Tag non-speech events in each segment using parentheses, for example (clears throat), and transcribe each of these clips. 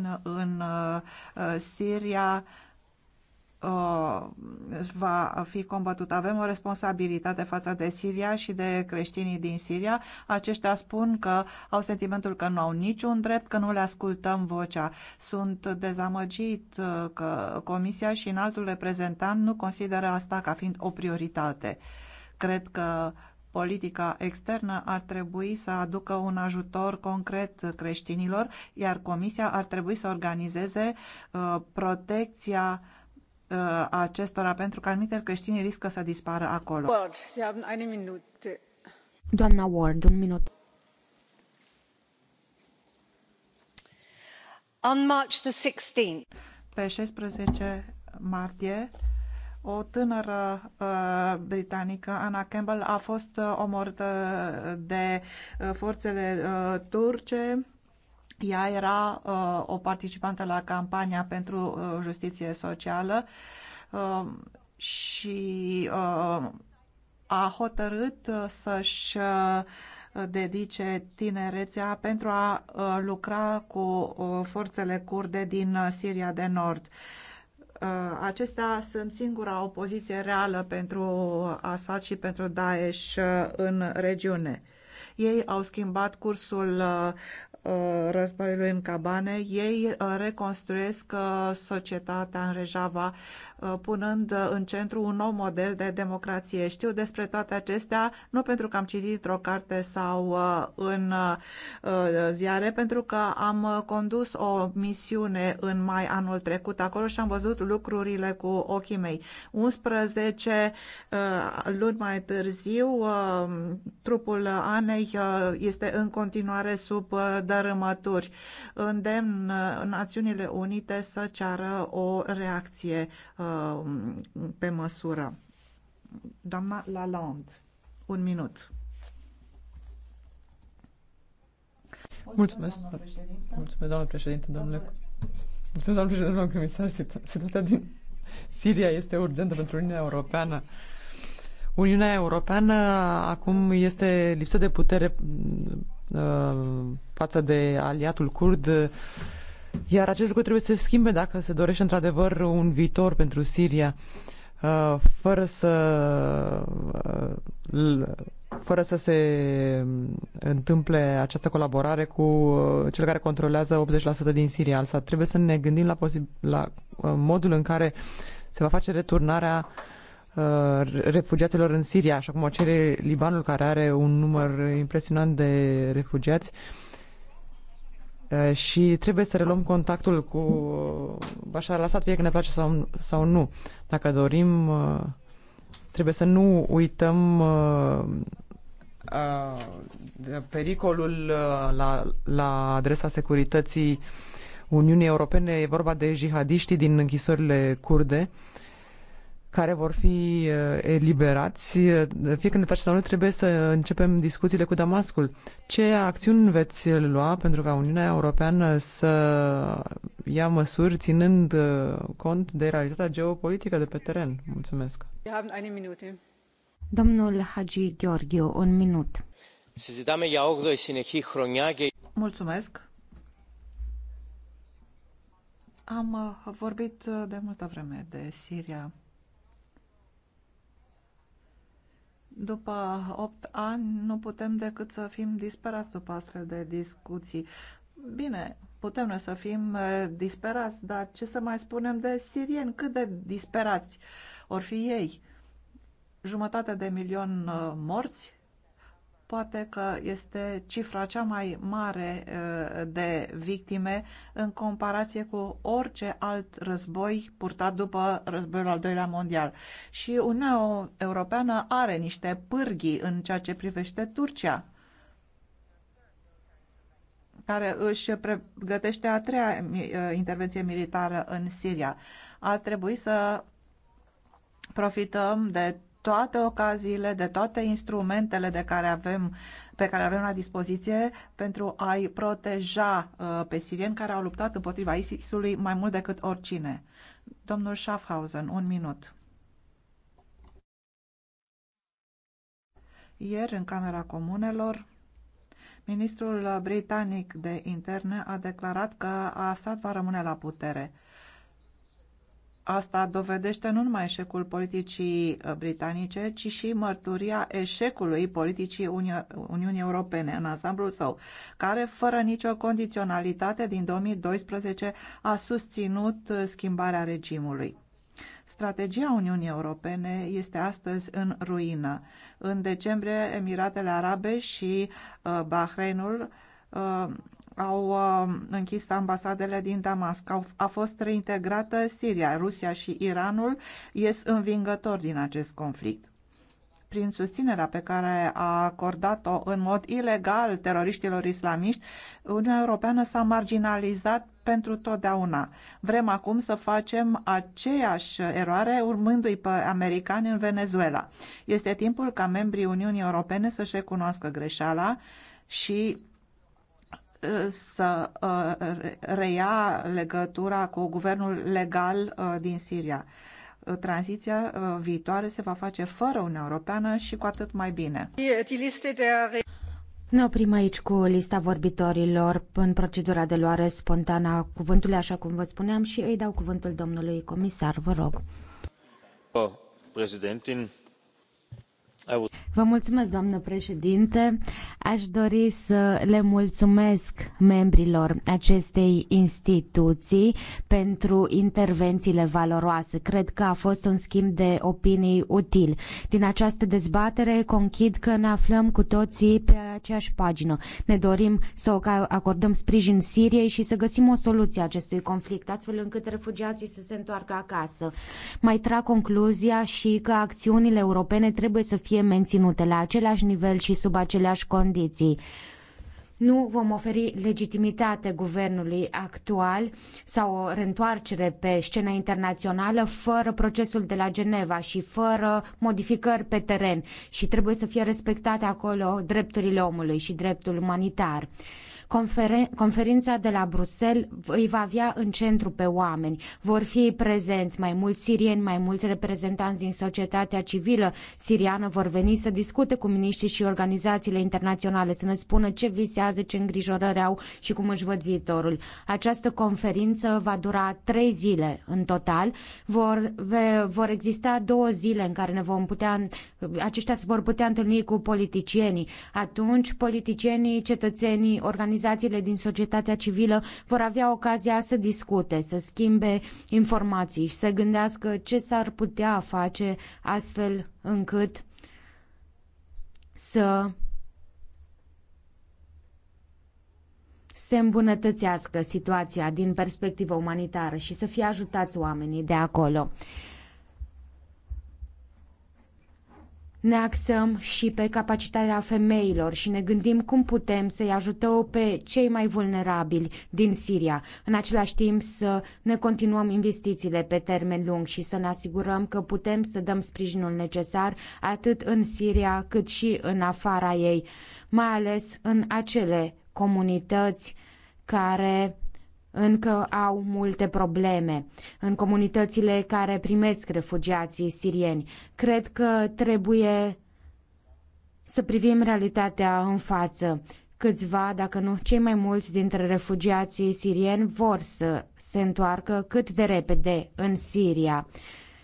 Palestină, în uh, uh, Siria, uh, va fi combătut. Avem o responsabilitate față de Siria și de creștinii din Siria. Aceștia spun că au sentimentul că nu au niciun drept, că nu le ascultăm vocea. Sunt dezamăgit că Comisia și înaltul reprezentant nu consideră asta ca fiind o prioritate. Cred că politica externă ar trebui să aducă un ajutor concret creștinilor, iar Comisia ar trebui să organizeze uh, protecția uh, acestora, pentru că anumite creștini riscă să dispară acolo. Doamna Ward, un minut. On March the 16th. Pe 16 martie, o tânără uh, britanică, Anna Campbell, a fost uh, omorâtă de uh, forțele uh, turce. Ea era uh, o participantă la campania pentru uh, justiție socială uh, și uh, a hotărât uh, să-și uh, dedice tinerețea pentru a uh, lucra cu forțele curde din Siria de Nord. Uh, acestea sunt singura opoziție reală pentru Assad și pentru Daesh uh, în regiune. Ei au schimbat cursul uh, Uh, războiului în Cabane, ei uh, reconstruiesc uh, societatea în Rejava, punând în centru un nou model de democrație. Știu despre toate acestea, nu pentru că am citit într-o carte sau în ziare, pentru că am condus o misiune în mai anul trecut acolo și am văzut lucrurile cu ochii mei. 11 luni mai târziu, trupul Anei este în continuare sub dărâmături. Îndemn uh, Națiunile Unite să ceară o reacție uh, pe măsură. Doamna Lalonde, un minut. Mulțumesc, Mulțumesc, doamnă președinte, domnule. Mulțumesc, doamnă președinte, domnule comisar. Situația din Siria este urgentă pentru Uniunea Europeană. Uniunea Europeană acum este lipsă de putere Uh, față de aliatul curd. Uh, iar acest lucru trebuie să se schimbe dacă se dorește într-adevăr un viitor pentru Siria, uh, fără să fără să se um, întâmple această colaborare cu cel care controlează 80% din Siria. trebuie să ne gândim la, la modul în care se va face returnarea uh, Uh, refugiaților în Siria, așa cum o cere Libanul, care are un număr impresionant de refugiați. Uh, și trebuie să reluăm contactul cu Bashar al-Assad, fie că ne place sau, sau nu. Dacă dorim, uh, trebuie să nu uităm pericolul la, la adresa securității Uniunii Europene. E vorba de jihadiștii din închisorile kurde care vor fi uh, eliberați, uh, fiecare nu trebuie să începem discuțiile cu Damascul. Ce acțiuni veți lua pentru ca Uniunea Europeană să ia măsuri ținând uh, cont de realitatea geopolitică de pe teren? Mulțumesc. Domnul Hagi Gheorghiu, un minut. Mulțumesc. Am vorbit de multă vreme de Siria După opt ani nu putem decât să fim disperați după astfel de discuții. Bine, putem noi să fim disperați, dar ce să mai spunem de sirieni? Cât de disperați or fi ei? Jumătate de milion morți, Poate că este cifra cea mai mare de victime în comparație cu orice alt război purtat după războiul al doilea mondial. Și Uniunea Europeană are niște pârghii în ceea ce privește Turcia care își pregătește a treia intervenție militară în Siria. Ar trebui să profităm de toate ocaziile, de toate instrumentele de care avem, pe care avem la dispoziție pentru a-i proteja uh, pe sirieni care au luptat împotriva ISIS-ului mai mult decât oricine. Domnul Schaffhausen, un minut. Ieri, în Camera Comunelor, ministrul britanic de interne a declarat că Assad va rămâne la putere. Asta dovedește nu numai eșecul politicii uh, britanice, ci și mărturia eșecului politicii Uni Uniunii Europene în ansamblul său, care, fără nicio condiționalitate, din 2012 a susținut uh, schimbarea regimului. Strategia Uniunii Europene este astăzi în ruină. În decembrie, Emiratele Arabe și uh, Bahreinul uh, au uh, închis ambasadele din Damasc, au, a fost reintegrată Siria, Rusia și Iranul ies învingător din acest conflict prin susținerea pe care a acordat-o în mod ilegal teroriștilor islamiști, Uniunea Europeană s-a marginalizat pentru totdeauna. Vrem acum să facem aceeași eroare urmându-i pe americani în Venezuela. Este timpul ca membrii Uniunii Europene să-și recunoască greșeala și să uh, reia legătura cu guvernul legal uh, din Siria. Tranziția uh, viitoare se va face fără Uniunea Europeană și cu atât mai bine. Ne oprim aici cu lista vorbitorilor în procedura de luare spontană a cuvântului, așa cum vă spuneam, și îi dau cuvântul domnului comisar, vă rog. Președintin, Vă mulțumesc, doamnă președinte. Aș dori să le mulțumesc membrilor acestei instituții pentru intervențiile valoroase. Cred că a fost un schimb de opinii util. Din această dezbatere conchid că ne aflăm cu toții pe aceeași pagină. Ne dorim să acordăm sprijin Siriei și să găsim o soluție a acestui conflict, astfel încât refugiații să se întoarcă acasă. Mai trag concluzia și că acțiunile europene trebuie să fie fie menținute la același nivel și sub aceleași condiții. Nu vom oferi legitimitate guvernului actual sau o reîntoarcere pe scena internațională fără procesul de la Geneva și fără modificări pe teren și trebuie să fie respectate acolo drepturile omului și dreptul umanitar conferința de la Bruxelles îi va avea în centru pe oameni. Vor fi prezenți mai mulți sirieni, mai mulți reprezentanți din societatea civilă siriană vor veni să discute cu miniștrii și organizațiile internaționale, să ne spună ce visează, ce îngrijorări au și cum își văd viitorul. Această conferință va dura trei zile în total. Vor, ve, vor exista două zile în care ne vom putea, aceștia se vor putea întâlni cu politicienii. Atunci, politicienii, cetățenii, organizații organizațiile din societatea civilă vor avea ocazia să discute, să schimbe informații și să gândească ce s-ar putea face astfel încât să se îmbunătățească situația din perspectivă umanitară și să fie ajutați oamenii de acolo. ne axăm și pe capacitatea femeilor și ne gândim cum putem să-i ajutăm pe cei mai vulnerabili din Siria. În același timp să ne continuăm investițiile pe termen lung și să ne asigurăm că putem să dăm sprijinul necesar atât în Siria cât și în afara ei, mai ales în acele comunități care încă au multe probleme în comunitățile care primesc refugiații sirieni. Cred că trebuie să privim realitatea în față. Câțiva, dacă nu cei mai mulți dintre refugiații sirieni vor să se întoarcă cât de repede în Siria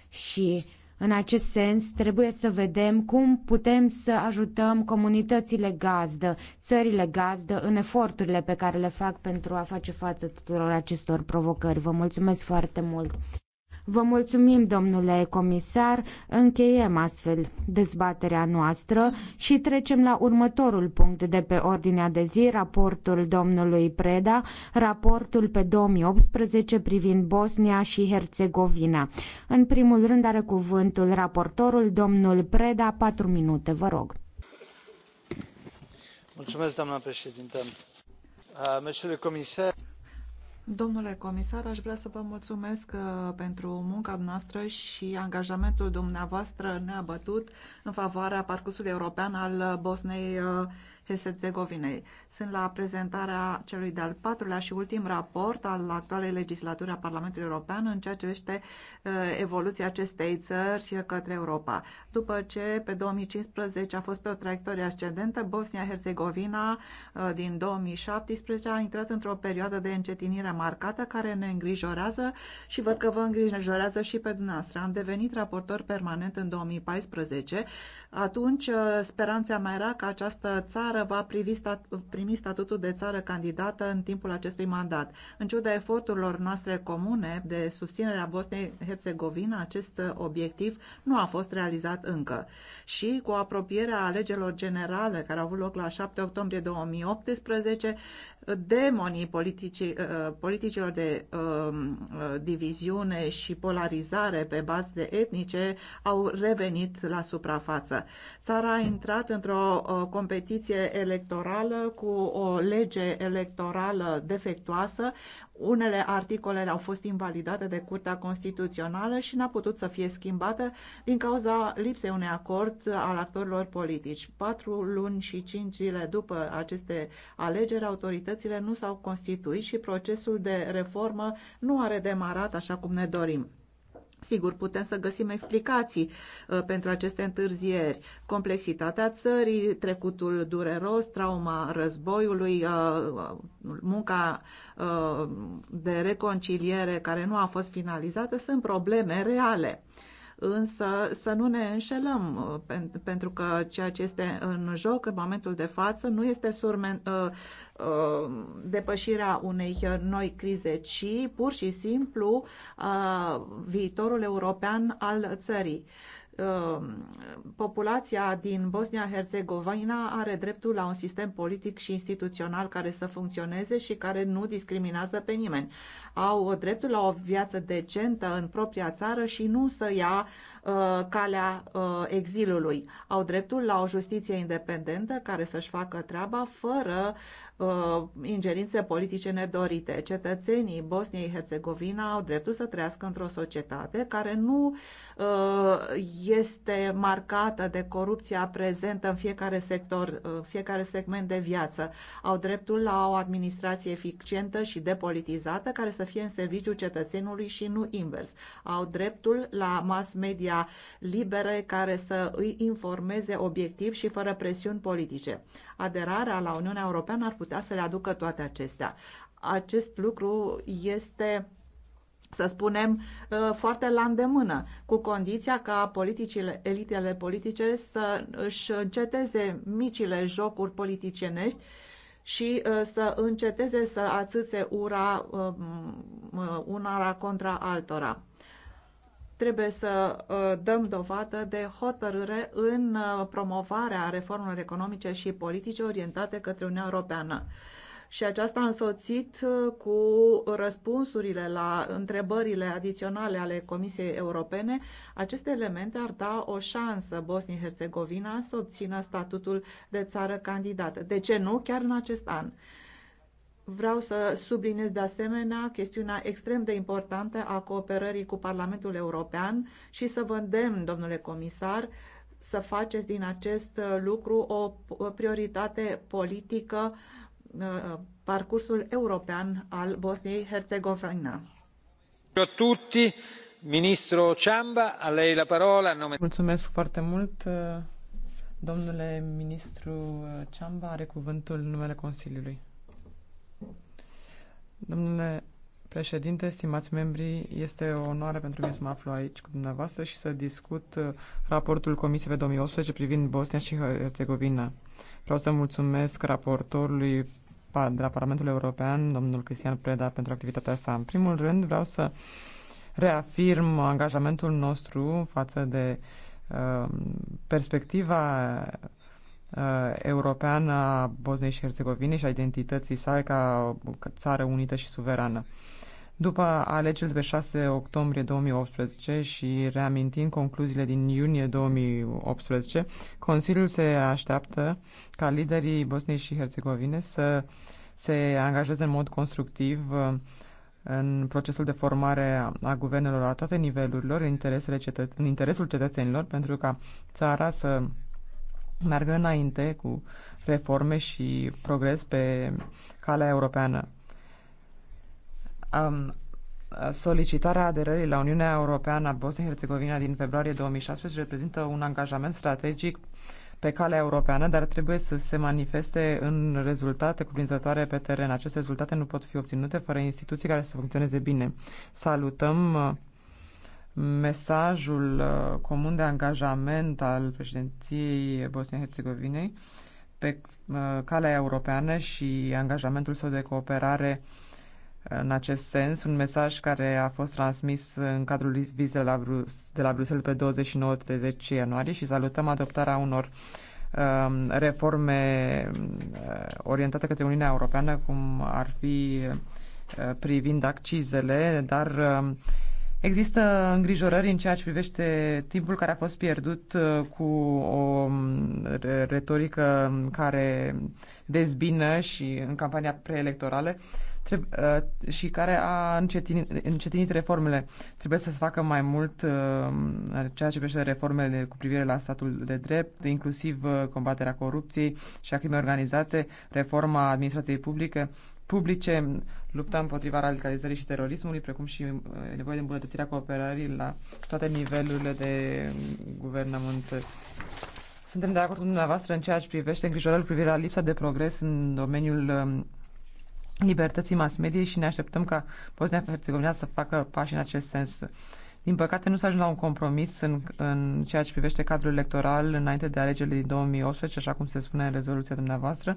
și în acest sens, trebuie să vedem cum putem să ajutăm comunitățile gazdă, țările gazdă, în eforturile pe care le fac pentru a face față tuturor acestor provocări. Vă mulțumesc foarte mult! Vă mulțumim, domnule comisar, încheiem astfel dezbaterea noastră și trecem la următorul punct de pe ordinea de zi, raportul domnului Preda, raportul pe 2018 privind Bosnia și Herțegovina. În primul rând are cuvântul raportorul, domnul Preda, 4 minute, vă rog. Mulțumesc, doamna președintă. Uh, comisar, Domnule comisar, aș vrea să vă mulțumesc uh, pentru munca noastră și angajamentul dumneavoastră neabătut în favoarea parcursului european al Bosnei uh, Herzegovinei. Sunt la prezentarea celui de-al patrulea și ultim raport al actualei legislaturi a Parlamentului European în ceea ce privește uh, evoluția acestei țări către Europa. După ce pe 2015 a fost pe o traiectorie ascendentă, Bosnia-Herzegovina uh, din 2017 a intrat într-o perioadă de încetinire marcată care ne îngrijorează și văd că vă îngrijorează și pe dumneavoastră. Am devenit raportor permanent în 2014. Atunci uh, speranța mea era că această țară țară va privi stat, primi statutul de țară candidată în timpul acestui mandat. În ciuda eforturilor noastre comune de susținere a Bosniei-Herzegovina, acest obiectiv nu a fost realizat încă. Și cu apropierea alegerilor generale care au avut loc la 7 octombrie 2018, demonii politicii, uh, politicilor de um, uh, diviziune și polarizare pe de etnice au revenit la suprafață. Țara a intrat într-o uh, competiție electorală cu o lege electorală defectuoasă, unele articole au fost invalidate de Curtea Constituțională și n-a putut să fie schimbată din cauza lipsei unui acord al actorilor politici. Patru luni și cinci zile după aceste alegeri, autoritățile nu s-au constituit și procesul de reformă nu a redemarat așa cum ne dorim. Sigur, putem să găsim explicații uh, pentru aceste întârzieri. Complexitatea țării, trecutul dureros, trauma războiului, uh, uh munca uh, de reconciliere care nu a fost finalizată sunt probleme reale. Uh, însă să nu ne înșelăm, uh, pentru că ceea ce este în joc în momentul de față nu este surmen, uh, uh, depășirea unei noi crize, ci pur și simplu viitorul european al țării. Um, populația din Bosnia-Herzegovina are dreptul la un sistem politic și instituțional care să funcționeze și care nu discriminează pe nimeni. Au dreptul la o viață decentă în propria țară și nu să ia Uh, calea uh, exilului. Au dreptul la o justiție independentă care să-și facă treaba fără uh, ingerințe politice nedorite. Cetățenii Bosniei Herzegovina au dreptul să trăiască într-o societate care nu este marcată de corupția prezentă în fiecare sector, în fiecare segment de viață. Au dreptul la o administrație eficientă și depolitizată care să fie în serviciu cetățenului și nu invers. Au dreptul la mass media libere care să îi informeze obiectiv și fără presiuni politice. Aderarea la Uniunea Europeană ar putea să le aducă toate acestea. Acest lucru este să spunem, uh, foarte la îndemână, cu condiția ca politicile, elitele politice să își înceteze micile jocuri politicienești și uh, să înceteze să atâțe ura um, uh, unora contra altora. Trebuie să uh, dăm dovadă de hotărâre în uh, promovarea reformelor economice și politice orientate către Uniunea Europeană și aceasta a însoțit uh, cu răspunsurile la întrebările adiționale ale Comisiei Europene, aceste elemente ar da o șansă Bosnii-Herzegovina să obțină statutul de țară candidată. De ce nu chiar în acest an? Vreau să subliniez de asemenea chestiunea extrem de importantă a cooperării cu Parlamentul European și să vă îndemn, domnule comisar, să faceți din acest lucru o prioritate politică uh, parcursul european al Bosniei Herzegovina. tutti, ministru Ciamba, a lei la parola. Nome... Mulțumesc foarte mult. Uh, domnule ministru uh, Ciamba are cuvântul numele Consiliului. Domnule președinte, stimați membri, este o onoare pentru mine să mă aflu aici cu dumneavoastră și să discut uh, raportul Comisiei pe 2018 privind Bosnia și Herțegovina. Vreau să mulțumesc raportorului de la Parlamentul European, domnul Cristian Preda, pentru activitatea sa. În primul rând, vreau să reafirm angajamentul nostru față de uh, perspectiva Uh, european a Bosniei și Herzegovinei și a identității sale ca țară unită și suverană. După alegerile pe 6 octombrie 2018 și reamintind concluziile din iunie 2018, Consiliul se așteaptă ca liderii Bosniei și Herzegovine să se angajeze în mod constructiv uh, în procesul de formare a guvernelor la toate nivelurilor, în, în interesul cetățenilor, pentru ca țara să meargă înainte cu reforme și progres pe calea europeană. Um, solicitarea aderării la Uniunea Europeană a Bosnia-Herzegovina din februarie 2016 reprezintă un angajament strategic pe calea europeană, dar trebuie să se manifeste în rezultate cuprinzătoare pe teren. Aceste rezultate nu pot fi obținute fără instituții care să funcționeze bine. Salutăm mesajul uh, comun de angajament al președinției Bosnia-Herzegovinei pe uh, calea europeană și angajamentul său de cooperare în acest sens, un mesaj care a fost transmis în cadrul vizei de la, Bruxelles pe 29 30 ianuarie și salutăm adoptarea unor um, reforme uh, orientate către Uniunea Europeană, cum ar fi privind accizele, dar um, Există îngrijorări în ceea ce privește timpul care a fost pierdut uh, cu o um, retorică care dezbină și în campania preelectorală uh, și care a încetinit, încetinit reformele. Trebuie să se facă mai mult uh, ceea ce privește reformele cu privire la statul de drept, inclusiv combaterea corupției și a crimei organizate, reforma administrației publice, publice, lupta împotriva radicalizării și terorismului, precum și uh, nevoie de îmbunătățirea cooperării la toate nivelurile de guvernământ. Suntem de acord cu dumneavoastră în ceea ce privește îngrijorările privire la lipsa de progres în domeniul um, libertății mass media și ne așteptăm ca Bosnia-Herzegovina să facă pași în acest sens. Din păcate, nu s-a ajuns la un compromis în, în ceea ce privește cadrul electoral înainte de alegerile din 2018, așa cum se spune în rezoluția dumneavoastră.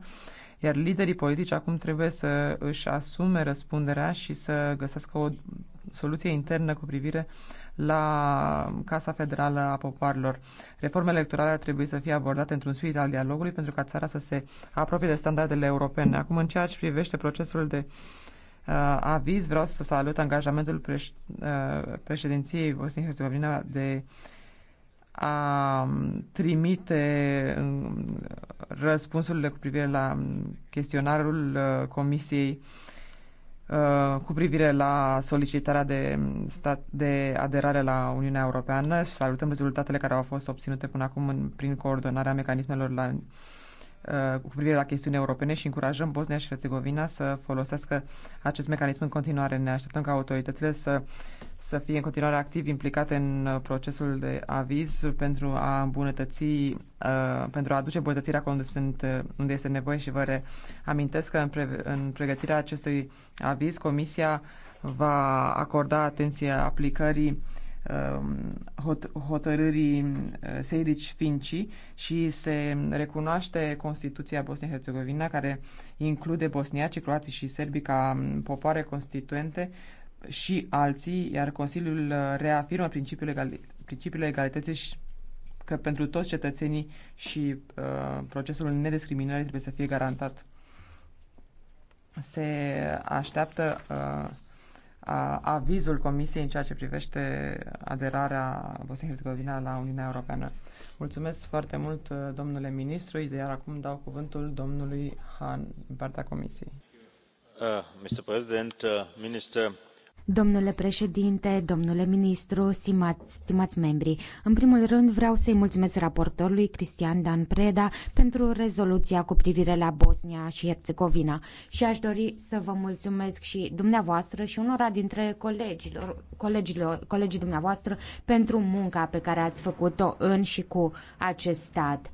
Iar liderii politici acum trebuie să își asume răspunderea și să găsească o soluție internă cu privire la Casa Federală a Popoarelor. Reformele electorale trebuie să fie abordate într-un spirit al dialogului pentru ca țara să se apropie de standardele europene. Acum, în ceea ce privește procesul de uh, aviz, vreau să salut angajamentul preș- uh, președinției Bosniei-Herzegovina de a um, trimite în răspunsurile cu privire la mm, chestionarul uh, Comisiei uh, cu privire la solicitarea de, mm, stat, de aderare la Uniunea Europeană. Salutăm rezultatele care au fost obținute până acum în, prin coordonarea mecanismelor la Uh, cu privire la chestiuni europene și încurajăm Bosnia și Herțegovina să folosească acest mecanism în continuare. Ne așteptăm ca autoritățile să, să fie în continuare activ implicate în uh, procesul de aviz pentru a îmbunătăți, uh, pentru a aduce îmbunătățirea acolo unde, sunt, uh, unde este nevoie și vă reamintesc că în, pre, în pregătirea acestui aviz Comisia va acorda atenție aplicării Um, hot, hotărârii uh, Sejdici Finci și se recunoaște Constituția Bosnia-Herzegovina care include bosniaci, croații și serbi ca um, popoare constituente și alții, iar Consiliul uh, reafirmă principiul, egal, principiul egalității și că pentru toți cetățenii și uh, procesul nediscriminării trebuie să fie garantat. Se așteaptă uh, avizul Comisiei în ceea ce privește aderarea bosnia herzegovina la Uniunea Europeană. Mulțumesc foarte mult, uh, domnule ministru, iar acum dau cuvântul domnului Han din partea Comisiei. Uh, Mr. President, uh, Minister, Domnule președinte, domnule ministru, stimați, stimați membri, în primul rând vreau să-i mulțumesc raportorului Cristian Dan Preda pentru rezoluția cu privire la Bosnia și Herțegovina și aș dori să vă mulțumesc și dumneavoastră și unora dintre colegilor, colegilor, colegii dumneavoastră pentru munca pe care ați făcut-o în și cu acest stat.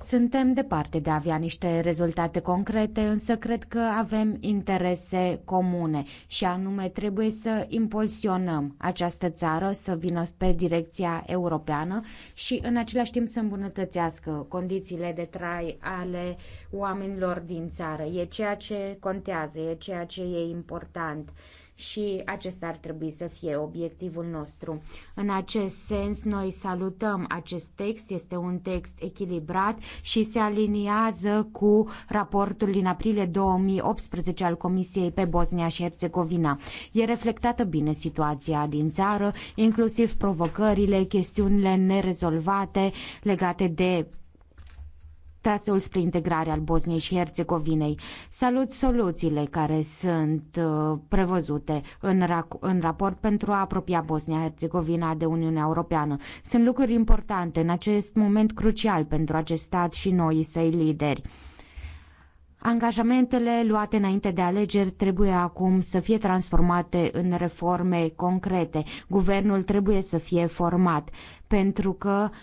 Suntem departe de a avea niște rezultate concrete, însă cred că avem interese comune și anume trebuie să impulsionăm această țară să vină pe direcția europeană și în același timp să îmbunătățească condițiile de trai ale oamenilor din țară. E ceea ce contează, e ceea ce e important și acesta ar trebui să fie obiectivul nostru. În acest sens, noi salutăm acest text, este un text echilibrat și se aliniază cu raportul din aprilie 2018 al Comisiei pe Bosnia și Herțegovina. E reflectată bine situația din țară, inclusiv provocările, chestiunile nerezolvate legate de traseul spre integrare al Bosniei și Herțegovinei. Salut soluțiile care sunt uh, prevăzute în, în raport pentru a apropia Bosnia-Herțegovina de Uniunea Europeană. Sunt lucruri importante în acest moment crucial pentru acest stat și noi săi lideri. Angajamentele luate înainte de alegeri trebuie acum să fie transformate în reforme concrete. Guvernul trebuie să fie format, pentru că uh,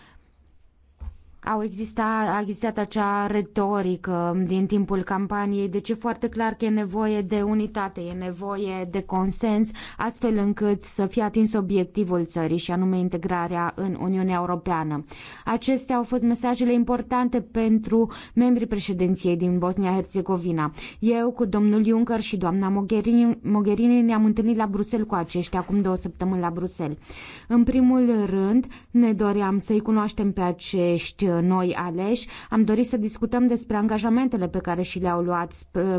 au existat, a existat acea retorică din timpul campaniei, deci e foarte clar că e nevoie de unitate, e nevoie de consens, astfel încât să fie atins obiectivul țării și anume integrarea în Uniunea Europeană. Acestea au fost mesajele importante pentru membrii președinției din Bosnia-Herzegovina. Eu cu domnul Juncker și doamna Mogherini, Mogherini ne-am întâlnit la Bruxelles cu aceștia acum două săptămâni la Bruxelles. În primul rând, ne doream să-i cunoaștem pe acești noi aleși, am dorit să discutăm despre angajamentele pe care și le-au luat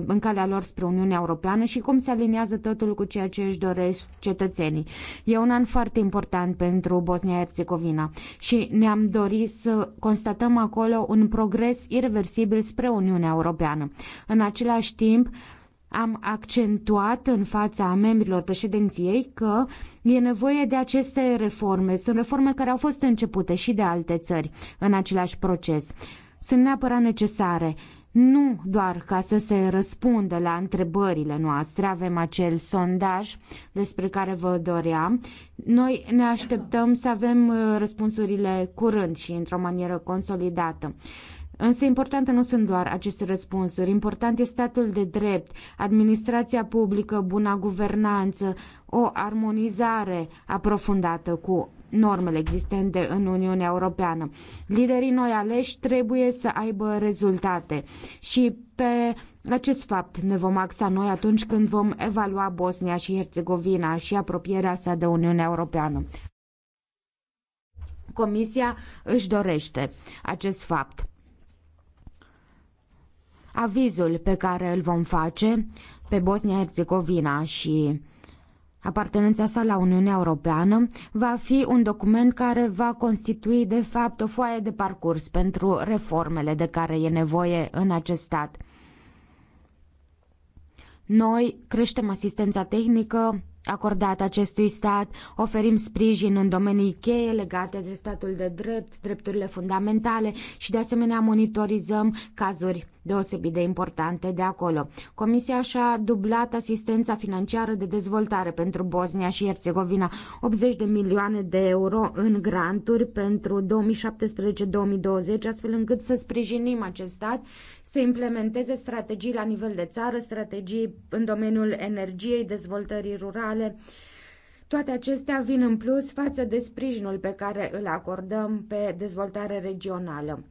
în calea lor spre Uniunea Europeană și cum se aliniază totul cu ceea ce își doresc cetățenii. E un an foarte important pentru Bosnia-Herzegovina și ne-am dorit să constatăm acolo un progres irreversibil spre Uniunea Europeană. În același timp, am accentuat în fața membrilor președinției că e nevoie de aceste reforme. Sunt reforme care au fost începute și de alte țări în același proces. Sunt neapărat necesare nu doar ca să se răspundă la întrebările noastre, avem acel sondaj despre care vă doream. Noi ne așteptăm să avem uh, răspunsurile curând și într-o manieră consolidată. Însă importante nu sunt doar aceste răspunsuri, important este statul de drept, administrația publică, buna guvernanță, o armonizare aprofundată cu normele existente în Uniunea Europeană. Liderii noi aleși trebuie să aibă rezultate și pe acest fapt ne vom axa noi atunci când vom evalua Bosnia și Herțegovina și apropierea sa de Uniunea Europeană. Comisia își dorește acest fapt. Avizul pe care îl vom face pe Bosnia-Herzegovina și apartenența sa la Uniunea Europeană va fi un document care va constitui de fapt o foaie de parcurs pentru reformele de care e nevoie în acest stat. Noi creștem asistența tehnică acordat acestui stat, oferim sprijin în domenii cheie legate de statul de drept, drepturile fundamentale și de asemenea monitorizăm cazuri deosebit de importante de acolo. Comisia și-a dublat asistența financiară de dezvoltare pentru Bosnia și Herțegovina, 80 de milioane de euro în granturi pentru 2017-2020, astfel încât să sprijinim acest stat să implementeze strategii la nivel de țară, strategii în domeniul energiei, dezvoltării rurale, sale. Toate acestea vin în plus față de sprijinul pe care îl acordăm pe dezvoltare regională.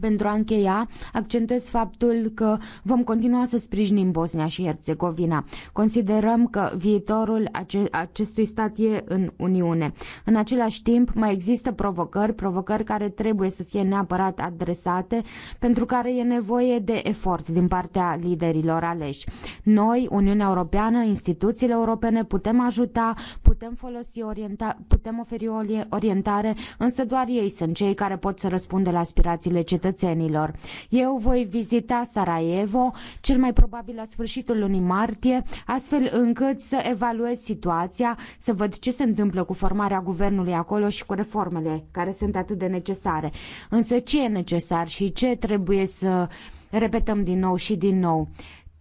Pentru a încheia, accentuez faptul că vom continua să sprijinim Bosnia și Herțegovina. Considerăm că viitorul ace- acestui stat e în Uniune. În același timp, mai există provocări, provocări care trebuie să fie neapărat adresate, pentru care e nevoie de efort din partea liderilor aleși. Noi, Uniunea Europeană, instituțiile europene, putem ajuta, putem folosi orienta- putem oferi o orientare, însă doar ei sunt cei care pot să răspundă la aspirațiile cetățenilor cetățenilor. Eu voi vizita Sarajevo, cel mai probabil la sfârșitul lunii martie, astfel încât să evaluez situația, să văd ce se întâmplă cu formarea guvernului acolo și cu reformele care sunt atât de necesare. Însă ce e necesar și ce trebuie să repetăm din nou și din nou?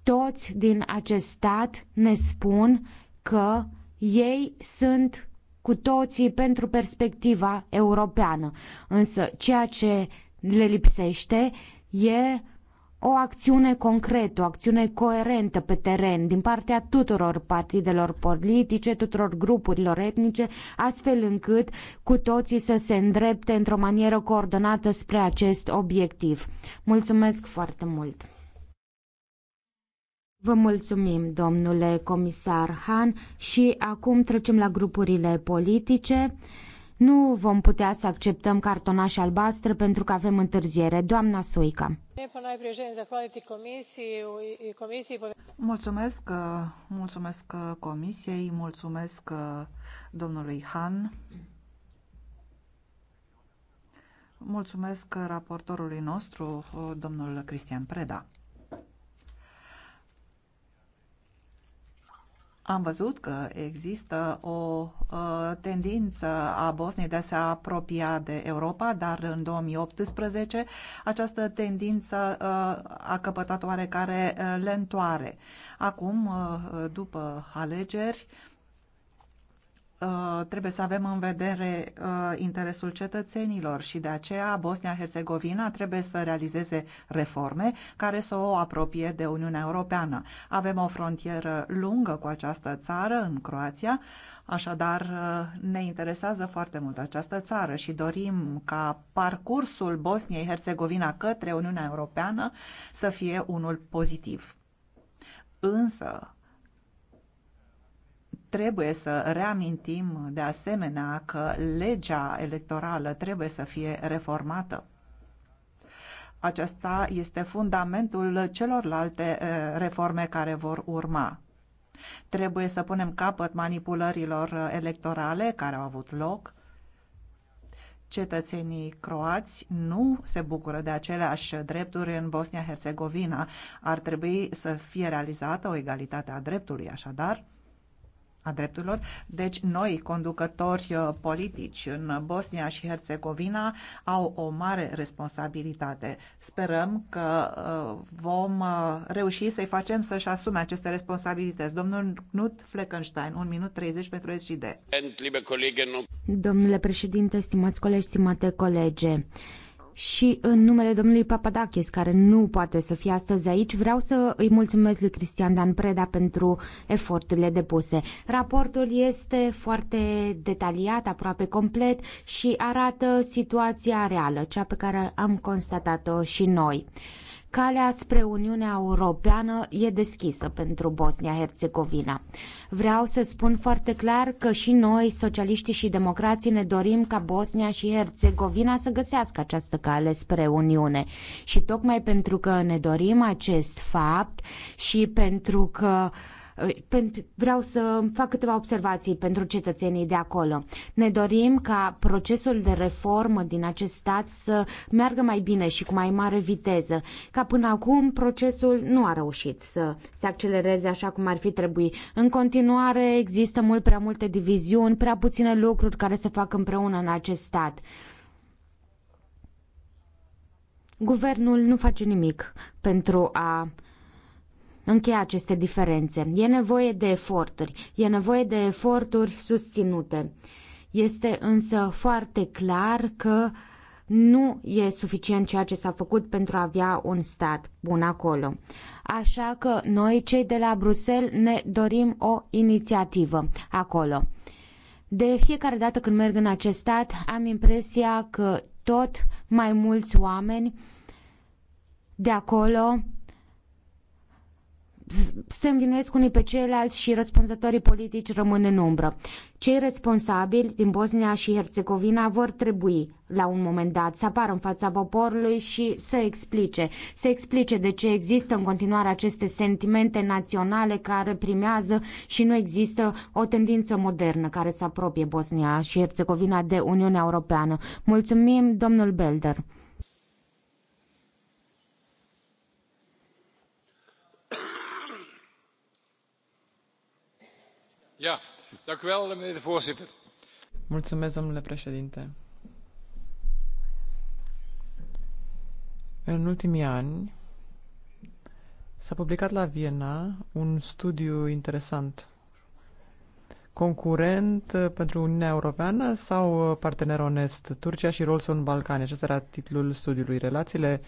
Toți din acest stat ne spun că ei sunt cu toții pentru perspectiva europeană. Însă ceea ce le lipsește e o acțiune concretă, o acțiune coerentă pe teren din partea tuturor partidelor politice, tuturor grupurilor etnice, astfel încât cu toții să se îndrepte într-o manieră coordonată spre acest obiectiv. Mulțumesc foarte mult! Vă mulțumim, domnule comisar Han, și acum trecem la grupurile politice. Nu vom putea să acceptăm cartonașe albastră pentru că avem întârziere. Doamna Soica. Mulțumesc, uh, mulțumesc uh, comisiei, mulțumesc uh, domnului Han. Mulțumesc raportorului nostru, domnul Cristian Preda. Am văzut că există o uh, tendință a Bosniei de a se apropia de Europa, dar în 2018 această tendință uh, a căpătat oarecare uh, lentoare. Acum, după alegeri, Uh, trebuie să avem în vedere uh, interesul cetățenilor și de aceea Bosnia-Herzegovina trebuie să realizeze reforme care să o apropie de Uniunea Europeană. Avem o frontieră lungă cu această țară, în Croația, Așadar, uh, ne interesează foarte mult această țară și dorim ca parcursul Bosniei-Herzegovina către Uniunea Europeană să fie unul pozitiv. Însă, Trebuie să reamintim de asemenea că legea electorală trebuie să fie reformată. Aceasta este fundamentul celorlalte reforme care vor urma. Trebuie să punem capăt manipulărilor electorale care au avut loc. Cetățenii croați nu se bucură de aceleași drepturi în Bosnia-Herzegovina. Ar trebui să fie realizată o egalitate a dreptului, așadar a drepturilor. Deci noi, conducători uh, politici în Bosnia și Herțegovina, au o mare responsabilitate. Sperăm că uh, vom uh, reuși să-i facem să-și asume aceste responsabilități. Domnul Knut Fleckenstein, un minut 30 pentru SGD. Domnule președinte, stimați colegi, stimate colege, și în numele domnului Papadakis, care nu poate să fie astăzi aici, vreau să îi mulțumesc lui Cristian Dan Preda pentru eforturile depuse. Raportul este foarte detaliat, aproape complet și arată situația reală, cea pe care am constatat-o și noi. Calea spre Uniunea Europeană e deschisă pentru Bosnia-Herzegovina. Vreau să spun foarte clar că și noi, socialiștii și democrații, ne dorim ca Bosnia și Herzegovina să găsească această cale spre Uniune. Și tocmai pentru că ne dorim acest fapt și pentru că uh, Uh, vreau să fac câteva observații pentru cetățenii de acolo. Ne dorim ca procesul de reformă din acest stat să meargă mai bine și cu mai mare viteză, ca până acum procesul nu a reușit să se accelereze așa cum ar fi trebuit. În continuare există mult prea multe diviziuni, prea puține lucruri care se fac împreună în acest stat. Guvernul nu face nimic pentru a încheia aceste diferențe. E nevoie de eforturi, e nevoie de eforturi susținute. Este însă foarte clar că nu e suficient ceea ce s-a făcut pentru a avea un stat bun acolo. Așa că noi, cei de la Bruxelles, ne dorim o inițiativă acolo. De fiecare dată când merg în acest stat, am impresia că tot mai mulți oameni de acolo se învinuiesc unii pe ceilalți și răspunzătorii politici rămân în umbră. Cei responsabili din Bosnia și Herțegovina vor trebui, la un moment dat, să apară în fața poporului și să explice. Să explice de ce există în continuare aceste sentimente naționale care primează și nu există o tendință modernă care să apropie Bosnia și Herțegovina de Uniunea Europeană. Mulțumim, domnul Belder. domnule președinte. În ultimii ani s-a publicat la Viena un studiu interesant. Concurent uh, pentru Uniunea Europeană sau uh, partener onest? Turcia și său în Balcani. Acesta era titlul studiului. Relațiile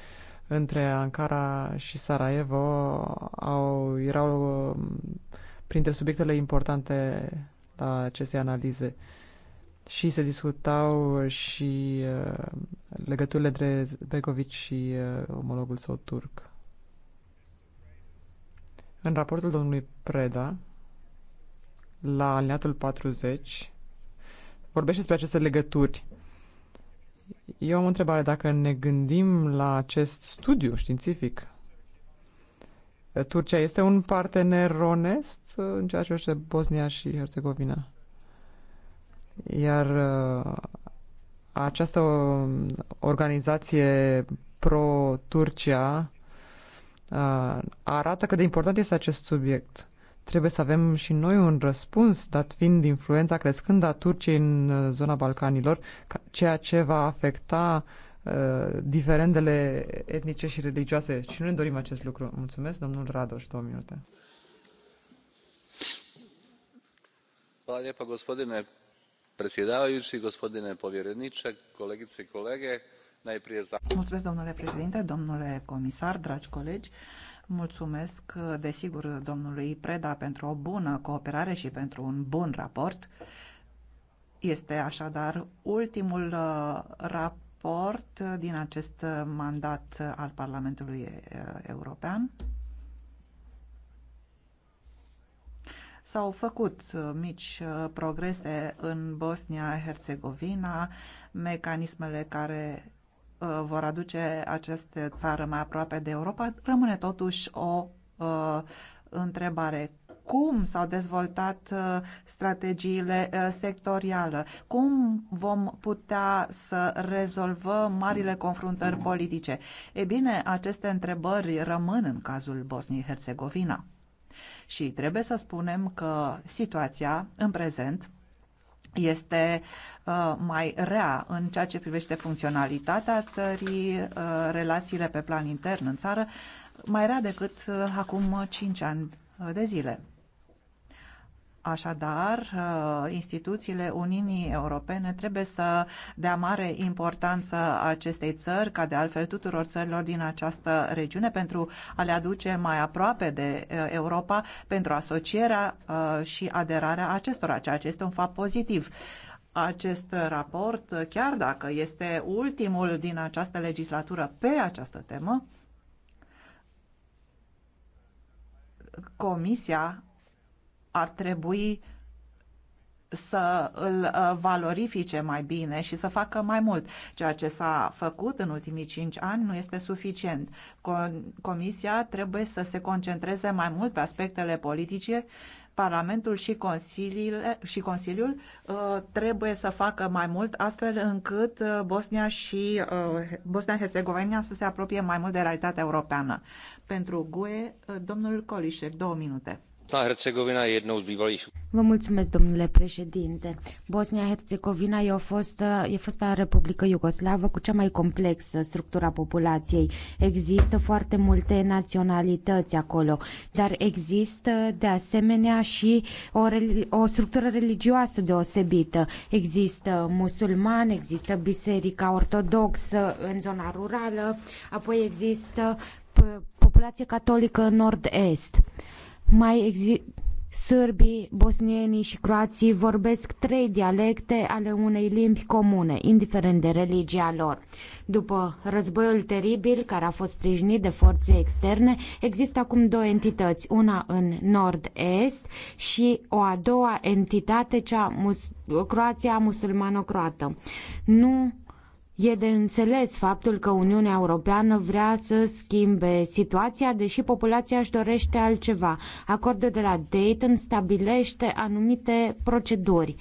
între Ankara și Sarajevo au, erau uh, printre subiectele importante la aceste analize. Și se discutau și uh, legăturile între Begovic și uh, omologul său turc. În raportul domnului Preda, la alineatul 40, vorbește despre aceste legături. Eu am o întrebare. Dacă ne gândim la acest studiu științific Turcia este un partener onest uh, în ceea ce este Bosnia și Herțegovina. Iar uh, această um, organizație pro-Turcia uh, arată cât de important este acest subiect. Trebuie să avem și noi un răspuns, dat fiind influența crescândă a Turciei în zona Balcanilor, ceea ce va afecta uh, Uh, diferendele etnice și religioase și nu ne dorim acest lucru. Mulțumesc, domnul Radoș, două minute. Hvala lijepa gospodine predsjedavajući, gospodine povjereniče, kolegice i kolege. Najprije za... Mulțumesc, domnule președinte, domnule comisar, dragi colegi. Mulțumesc, desigur, domnului Preda pentru o bună cooperare și pentru un bun raport. Este așadar ultimul uh, raport raport uh, din acest uh, mandat uh, al Parlamentului European. S-au făcut mici progrese în Bosnia-Herzegovina, mecanismele care vor aduce această țară mai aproape de Europa, rămâne totuși o uh, întrebare cum s-au dezvoltat uh, strategiile uh, sectoriale, cum vom putea să rezolvăm marile confruntări politice. E bine, aceste întrebări rămân în cazul Bosniei-Herzegovina. Și trebuie să spunem că situația în prezent este uh, mai rea în ceea ce privește funcționalitatea țării, uh, relațiile pe plan intern în țară, mai rea decât uh, acum 5 ani uh, de zile. Așadar, uh, instituțiile Uniunii Europene trebuie să dea mare importanță acestei țări, ca de altfel tuturor țărilor din această regiune, pentru a le aduce mai aproape de uh, Europa, pentru asocierea uh, și aderarea acestora, ceea ce este un fapt pozitiv acest raport, chiar dacă este ultimul din această legislatură pe această temă, Comisia ar trebui să îl uh, valorifice mai bine și să facă mai mult. Ceea ce s-a făcut în ultimii cinci ani nu este suficient. Comisia trebuie să se concentreze mai mult pe aspectele politice. Parlamentul și, și Consiliul uh, trebuie să facă mai mult astfel încât uh, Bosnia și Bosnia-Herzegovina să se apropie mai mult de realitatea europeană. Pentru GUE, domnul Colișec, două minute. Vă mulțumesc, domnule președinte. bosnia herțegovina e, e fosta Republică Iugoslavă cu cea mai complexă structură a populației. Există foarte multe naționalități acolo, dar există de asemenea și o, o structură religioasă deosebită. Există musulmani, există biserica ortodoxă în zona rurală, apoi există populație catolică în nord-est. Uh, mai există Sârbii, bosnienii și croații vorbesc trei dialecte ale unei limbi comune, indiferent de religia lor. După războiul teribil, care a fost sprijinit de forțe externe, există acum două entități, una în nord-est și o a doua entitate, cea mus- Croația musulmano-croată. Nu E de înțeles faptul că Uniunea Europeană vrea să schimbe situația, deși populația își dorește altceva. Acordul de la Dayton stabilește anumite proceduri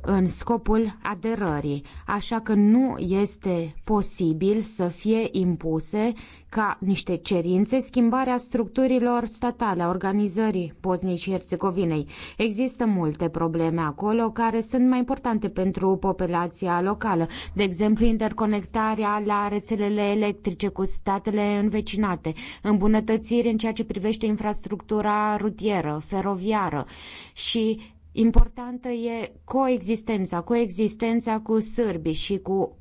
în scopul aderării, așa că nu este posibil să fie impuse ca niște cerințe schimbarea structurilor statale a organizării Bosniei și Herțegovinei. Există multe probleme acolo care sunt mai importante pentru populația locală, de exemplu interconectarea la rețelele electrice cu statele învecinate, îmbunătățiri în ceea ce privește infrastructura rutieră, feroviară și Importantă e coexistența, coexistența cu sârbii și cu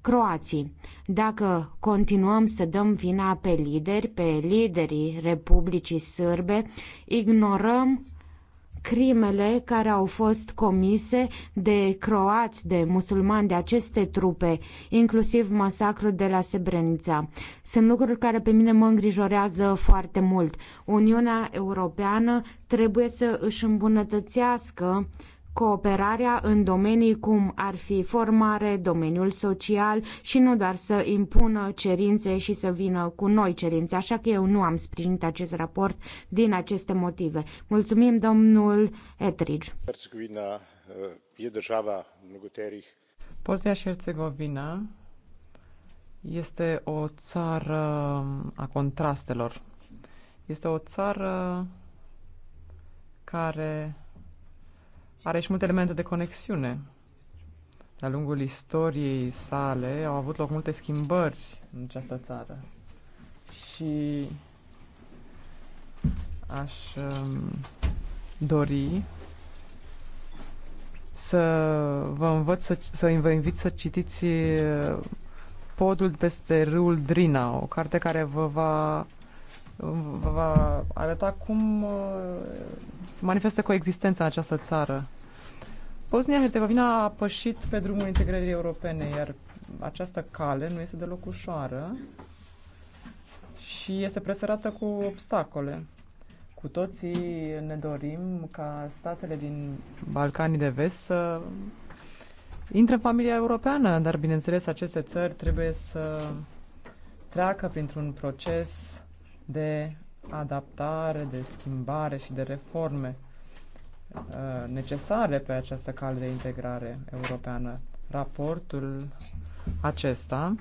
croații. Dacă continuăm să dăm vina pe lideri, pe liderii Republicii Sârbe, ignorăm crimele care au fost comise de croați, de musulmani, de aceste trupe, inclusiv masacrul de la Srebrenica. Sunt lucruri care pe mine mă îngrijorează foarte mult. Uniunea Europeană trebuie să își îmbunătățească cooperarea în domenii cum ar fi formare, domeniul social și nu doar să impună cerințe și să vină cu noi cerințe. Așa că eu nu am sprijinit acest raport din aceste motive. Mulțumim, domnul Etridge. Bosnia și Herțegovina este o țară a contrastelor. Este o țară care are și multe elemente de conexiune. De-a lungul istoriei sale au avut loc multe schimbări în această țară. Și aș um, dori să vă învăț să, să vă invit să citiți uh, Podul peste râul Drina, o carte care vă va va arăta cum uh, se manifestă coexistența în această țară. Bosnia-Herzegovina a pășit pe drumul integrării europene, iar această cale nu este deloc ușoară și este presărată cu obstacole. Cu toții ne dorim ca statele din Balcanii de Vest să intre în familia europeană, dar bineînțeles aceste țări trebuie să treacă printr-un proces de adaptare, de schimbare și de reforme uh, necesare pe această cale de integrare europeană. Raportul acesta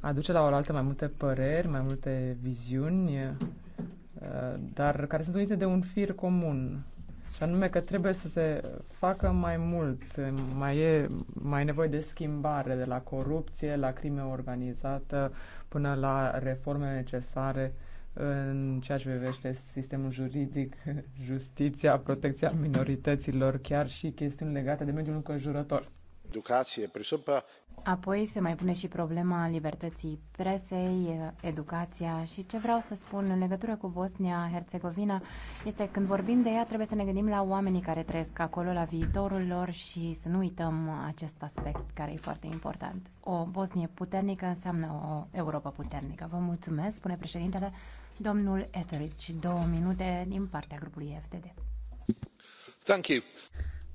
aduce la oaltă mai multe păreri, mai multe viziuni, uh, dar care sunt unite de un fir comun, și anume că trebuie să se facă mai mult, mai e mai e nevoie de schimbare, de la corupție, la crime organizată, până la reforme necesare în ceea ce privește sistemul juridic, (laughs) justiția, protecția minorităților, chiar și chestiuni legate de mediul înconjurător. Educație, presupă Apoi se mai pune și problema libertății presei, educația și ce vreau să spun în legătură cu Bosnia-Herzegovina este când vorbim de ea trebuie să ne gândim la oamenii care trăiesc acolo, la viitorul lor și să nu uităm acest aspect care e foarte important. O Bosnie puternică înseamnă o Europa puternică. Vă mulțumesc, spune președintele, domnul Etheridge, două minute din partea grupului FDD. Thank you.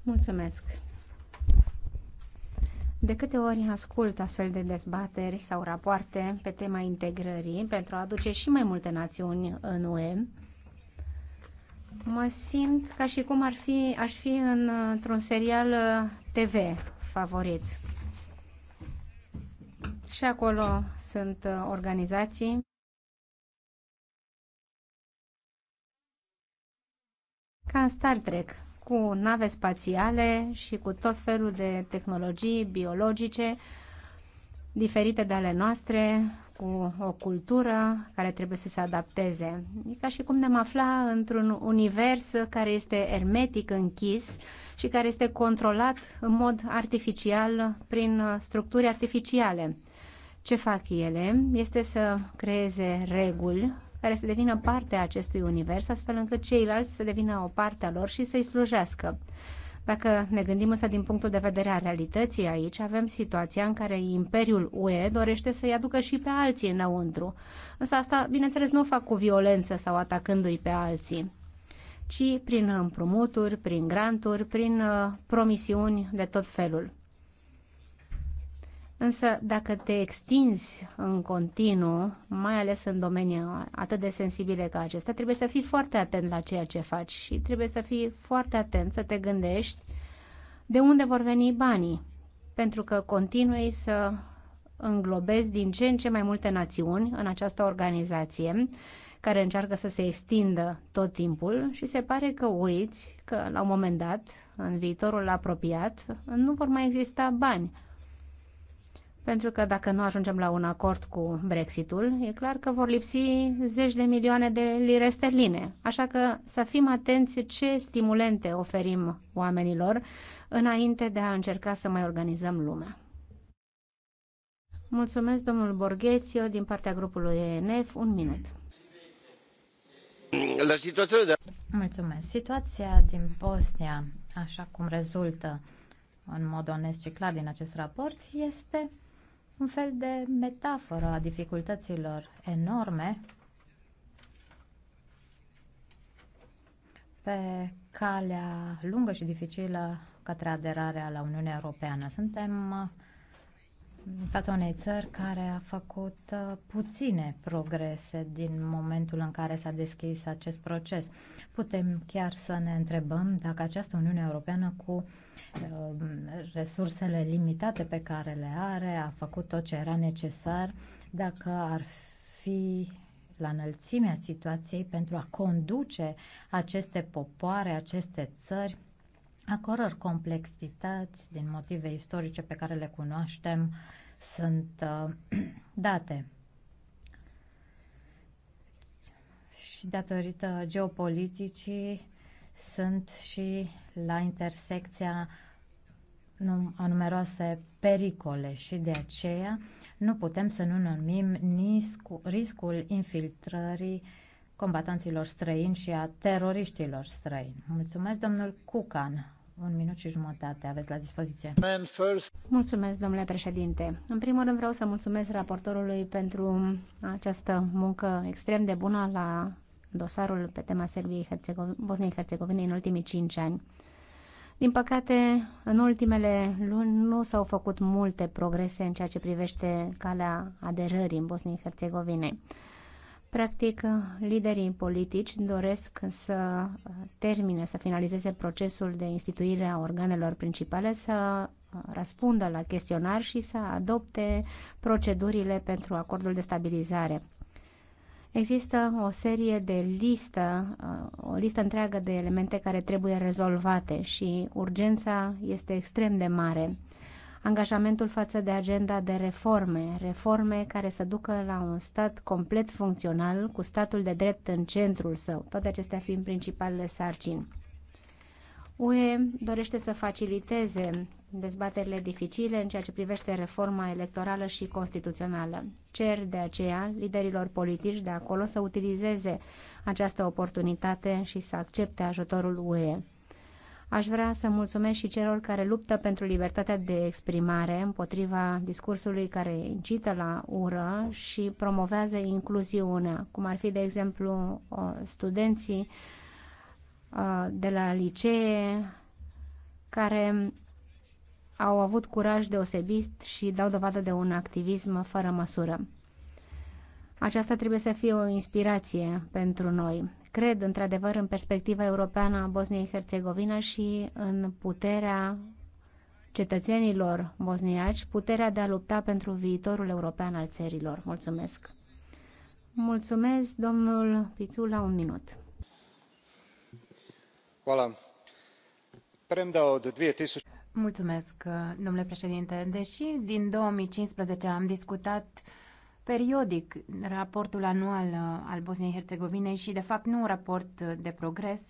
Mulțumesc. De câte ori ascult astfel de dezbateri sau rapoarte pe tema integrării pentru a aduce și mai multe națiuni în UE, mă simt ca și cum ar fi, aș fi într-un serial uh, TV favorit. Și acolo sunt uh, organizații ca în Star Trek, cu nave spațiale și cu tot felul de tehnologii biologice diferite de ale noastre, cu o cultură care trebuie să se adapteze. E ca și cum ne-am afla într-un univers care este hermetic închis și care este controlat în mod artificial prin structuri artificiale. Ce fac ele? Este să creeze reguli care să devină parte a acestui univers, astfel încât ceilalți să devină o parte a lor și să-i slujească. Dacă ne gândim însă din punctul de vedere a realității aici, avem situația în care Imperiul UE dorește să-i aducă și pe alții înăuntru. Însă asta, bineînțeles, nu o fac cu violență sau atacându-i pe alții, ci prin împrumuturi, prin granturi, prin uh, promisiuni de tot felul. Însă, dacă te extinzi în continuu, mai ales în domenii atât de sensibile ca acesta, trebuie să fii foarte atent la ceea ce faci și trebuie să fii foarte atent să te gândești de unde vor veni banii, pentru că continui să înglobezi din ce în ce mai multe națiuni în această organizație care încearcă să se extindă tot timpul și se pare că uiți că la un moment dat, în viitorul apropiat, nu vor mai exista bani pentru că dacă nu ajungem la un acord cu Brexitul, e clar că vor lipsi zeci de milioane de lire sterline. Așa că să fim atenți ce stimulente oferim oamenilor înainte de a încerca să mai organizăm lumea. Mulțumesc, domnul Borghețiu, din partea grupului ENF. Un minut. La situația de... Mulțumesc. Situația din Bosnia, așa cum rezultă în mod onest și clar din acest raport, este un fel de metaforă a dificultăților enorme pe calea lungă și dificilă către aderarea la Uniunea Europeană. Suntem uh, în fața unei țări care a făcut uh, puține progrese din momentul în care s-a deschis acest proces. Putem chiar să ne întrebăm dacă această Uniune Europeană cu Um, resursele limitate pe care le are, a făcut tot ce era necesar, dacă ar fi la înălțimea situației pentru a conduce aceste popoare, aceste țări, a căror complexități, din motive istorice pe care le cunoaștem, sunt uh, (clears throat) date. Și datorită geopoliticii sunt și la intersecția a numeroase pericole și de aceea nu putem să nu numim nici riscul infiltrării combatanților străini și a teroriștilor străini. Mulțumesc, domnul Cucan. Un minut și jumătate aveți la dispoziție. Mulțumesc, domnule președinte. În primul rând vreau să mulțumesc raportorului pentru această muncă extrem de bună la dosarul pe tema Serbiei bosniei herțegovinei în ultimii cinci ani. Din păcate, în ultimele luni nu s-au făcut multe progrese în ceea ce privește calea aderării în Bosnia-Herzegovinei. Practic, liderii politici doresc să termine, să finalizeze procesul de instituire a organelor principale, să răspundă la chestionar și să adopte procedurile pentru acordul de stabilizare Există o serie de listă, uh, o listă întreagă de elemente care trebuie rezolvate și urgența este extrem de mare. Angajamentul față de agenda de reforme, reforme care să ducă la un stat complet funcțional, cu statul de drept în centrul său, toate acestea fiind principalele sarcini. UE dorește să faciliteze dezbaterile dificile în ceea ce privește reforma electorală și constituțională. Cer de aceea liderilor politici de acolo să utilizeze această oportunitate și să accepte ajutorul UE. Aș vrea să mulțumesc și celor care luptă pentru libertatea de exprimare împotriva discursului care incită la ură și promovează incluziunea, cum ar fi, de exemplu, studenții de la licee care au avut curaj deosebit și dau dovadă de un activism fără măsură. Aceasta trebuie să fie o inspirație pentru noi. Cred într-adevăr în perspectiva europeană a bosniei Herțegovina și în puterea cetățenilor bosniaci, puterea de a lupta pentru viitorul european al țărilor. Mulțumesc! Mulțumesc, domnul Pițula, un minut. Voilà. Premda od 2000 Mulțumesc, domnule președinte. Deși din 2015 am discutat periodic raportul anual al Bosniei Herțegovinei și, de fapt, nu un raport de progres,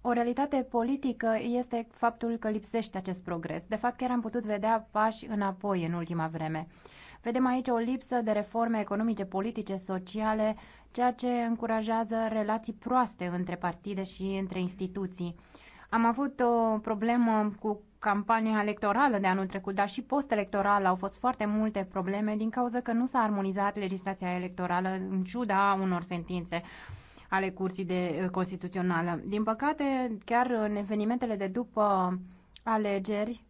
o realitate politică este faptul că lipsește acest progres. De fapt, chiar am putut vedea pași înapoi în ultima vreme. Vedem aici o lipsă de reforme economice, politice, sociale, ceea ce încurajează relații proaste între partide și între instituții. Am avut o problemă cu campania electorală de anul trecut, dar și post-electoral au fost foarte multe probleme din cauza că nu s-a armonizat legislația electorală în ciuda unor sentințe ale Curții de eh, Constituțională. Din păcate, chiar în evenimentele de după alegeri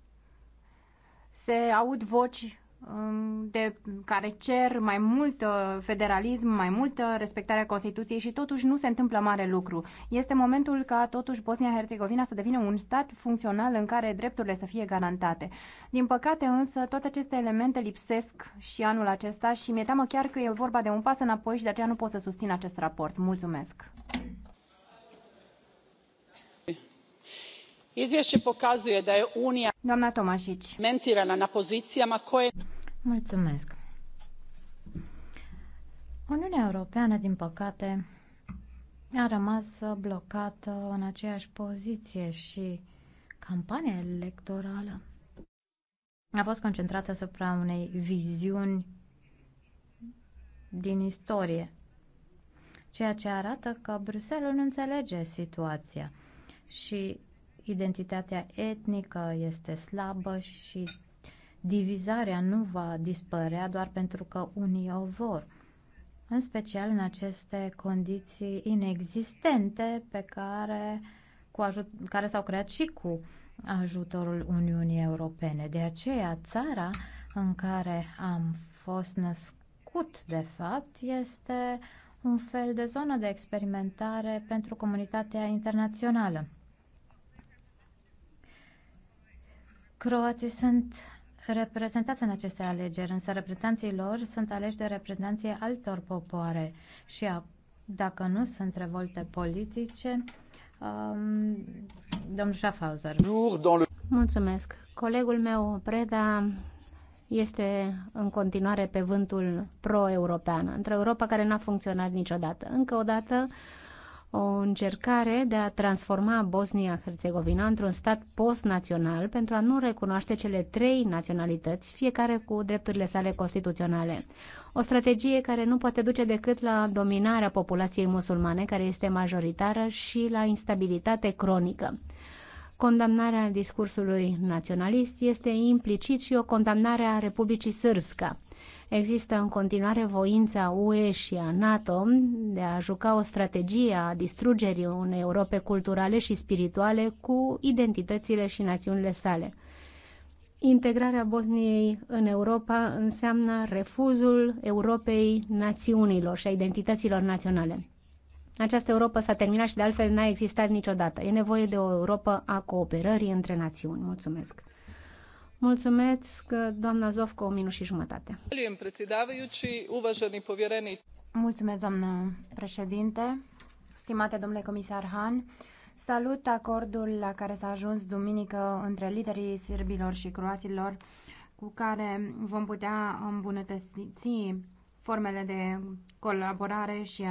se aud voci Um, de care cer mai mult uh, federalism, mai multă respectarea Constituției și totuși nu se întâmplă mare lucru. Este momentul ca totuși Bosnia-Herzegovina să devină un stat funcțional în care drepturile să fie garantate. Din păcate însă toate aceste elemente lipsesc și anul acesta și mi-e teamă chiar că e vorba de un pas înapoi și de aceea nu pot să susțin acest raport. Mulțumesc! izvješće pokazuje da je unija doamna tomai na pozicijama koje. mulțumesc. Uniunea Europeană, din păcate, a rămas blocată în aceeași poziție și campania electorală a fost concentrată asupra unei viziuni din istorie, ceea ce arată că Bruxelles nu înțelege situația și identitatea etnică este slabă și divizarea nu va dispărea doar pentru că unii o vor, în special în aceste condiții inexistente pe care, cu ajut- care s-au creat și cu ajutorul Uniunii Europene. De aceea, țara în care am fost născut, de fapt, este un fel de zonă de experimentare pentru comunitatea internațională. Croații sunt reprezentați în aceste alegeri, însă reprezentanții lor sunt aleși de reprezentanții altor popoare și a, dacă nu sunt revolte politice, um, domnul Schaffhauser. Mulțumesc. Colegul meu, Preda, este în continuare pe vântul pro-european, într-o Europa care n-a funcționat niciodată. Încă o dată, o încercare de a transforma Bosnia-Herzegovina într-un stat post-național pentru a nu recunoaște cele trei naționalități, fiecare cu drepturile sale constituționale. O strategie care nu poate duce decât la dominarea populației musulmane, care este majoritară, și la instabilitate cronică. Condamnarea discursului naționalist este implicit și o condamnare a Republicii Sârbska Există în continuare voința UE și a NATO de a juca o strategie a distrugerii unei Europe culturale și spirituale cu identitățile și națiunile sale. Integrarea Bosniei în Europa înseamnă refuzul Europei națiunilor și a identităților naționale. Această Europa s-a terminat și de altfel n-a existat niciodată. E nevoie de o Europa a cooperării între națiuni. Mulțumesc! Mulțumesc, doamna Zovco, o minut și jumătate. Mulțumesc, doamnă președinte, stimate domnule comisar Han. Salut acordul la care s-a ajuns duminică între liderii sârbilor și croaților, cu care vom putea îmbunătăți formele de colaborare și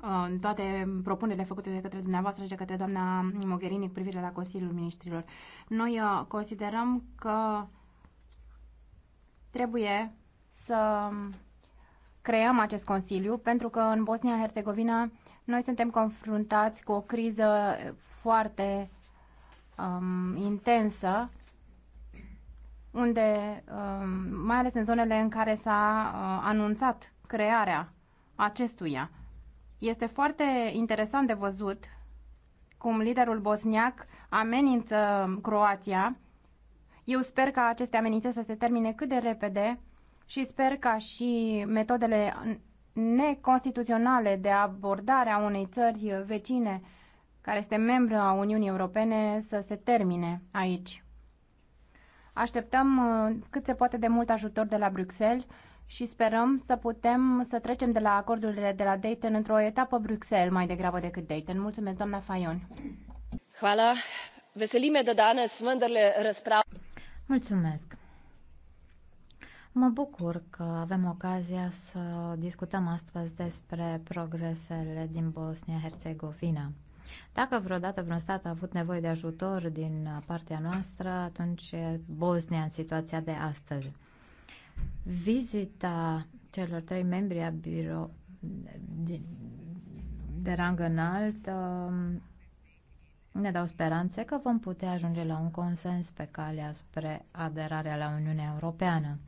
în uh, toate propunerile făcute de către dumneavoastră și de către doamna Mogherini cu privire la Consiliul Ministrilor. Noi uh, considerăm că trebuie să creăm acest Consiliu pentru că în Bosnia-Herzegovina noi suntem confruntați cu o criză foarte um, intensă unde, um, mai ales în zonele în care s-a uh, anunțat crearea acestuia. Este foarte interesant de văzut cum liderul bosniac amenință Croația. Eu sper ca aceste amenințări să se termine cât de repede și sper ca și metodele neconstituționale de abordare a unei țări vecine care este membră a Uniunii Europene să se termine aici. Așteptăm uh, cât se poate de mult ajutor de la Bruxelles și sperăm să putem să trecem de la acordurile de la Dayton într-o etapă Bruxelles mai degrabă decât Dayton. Mulțumesc, doamna Fayon. Hvala. Veselime de da danes vendarle razprav. Mulțumesc. Mă bucur că avem ocazia să discutăm astăzi despre progresele din Bosnia-Herzegovina. Dacă vreodată vreun stat a avut nevoie de ajutor din partea noastră, atunci Bosnia în situația de astăzi. Vizita celor trei membri a biro de, de rang înalt um, ne dau speranțe că vom putea ajunge la un consens pe calea spre aderarea la Uniunea Europeană.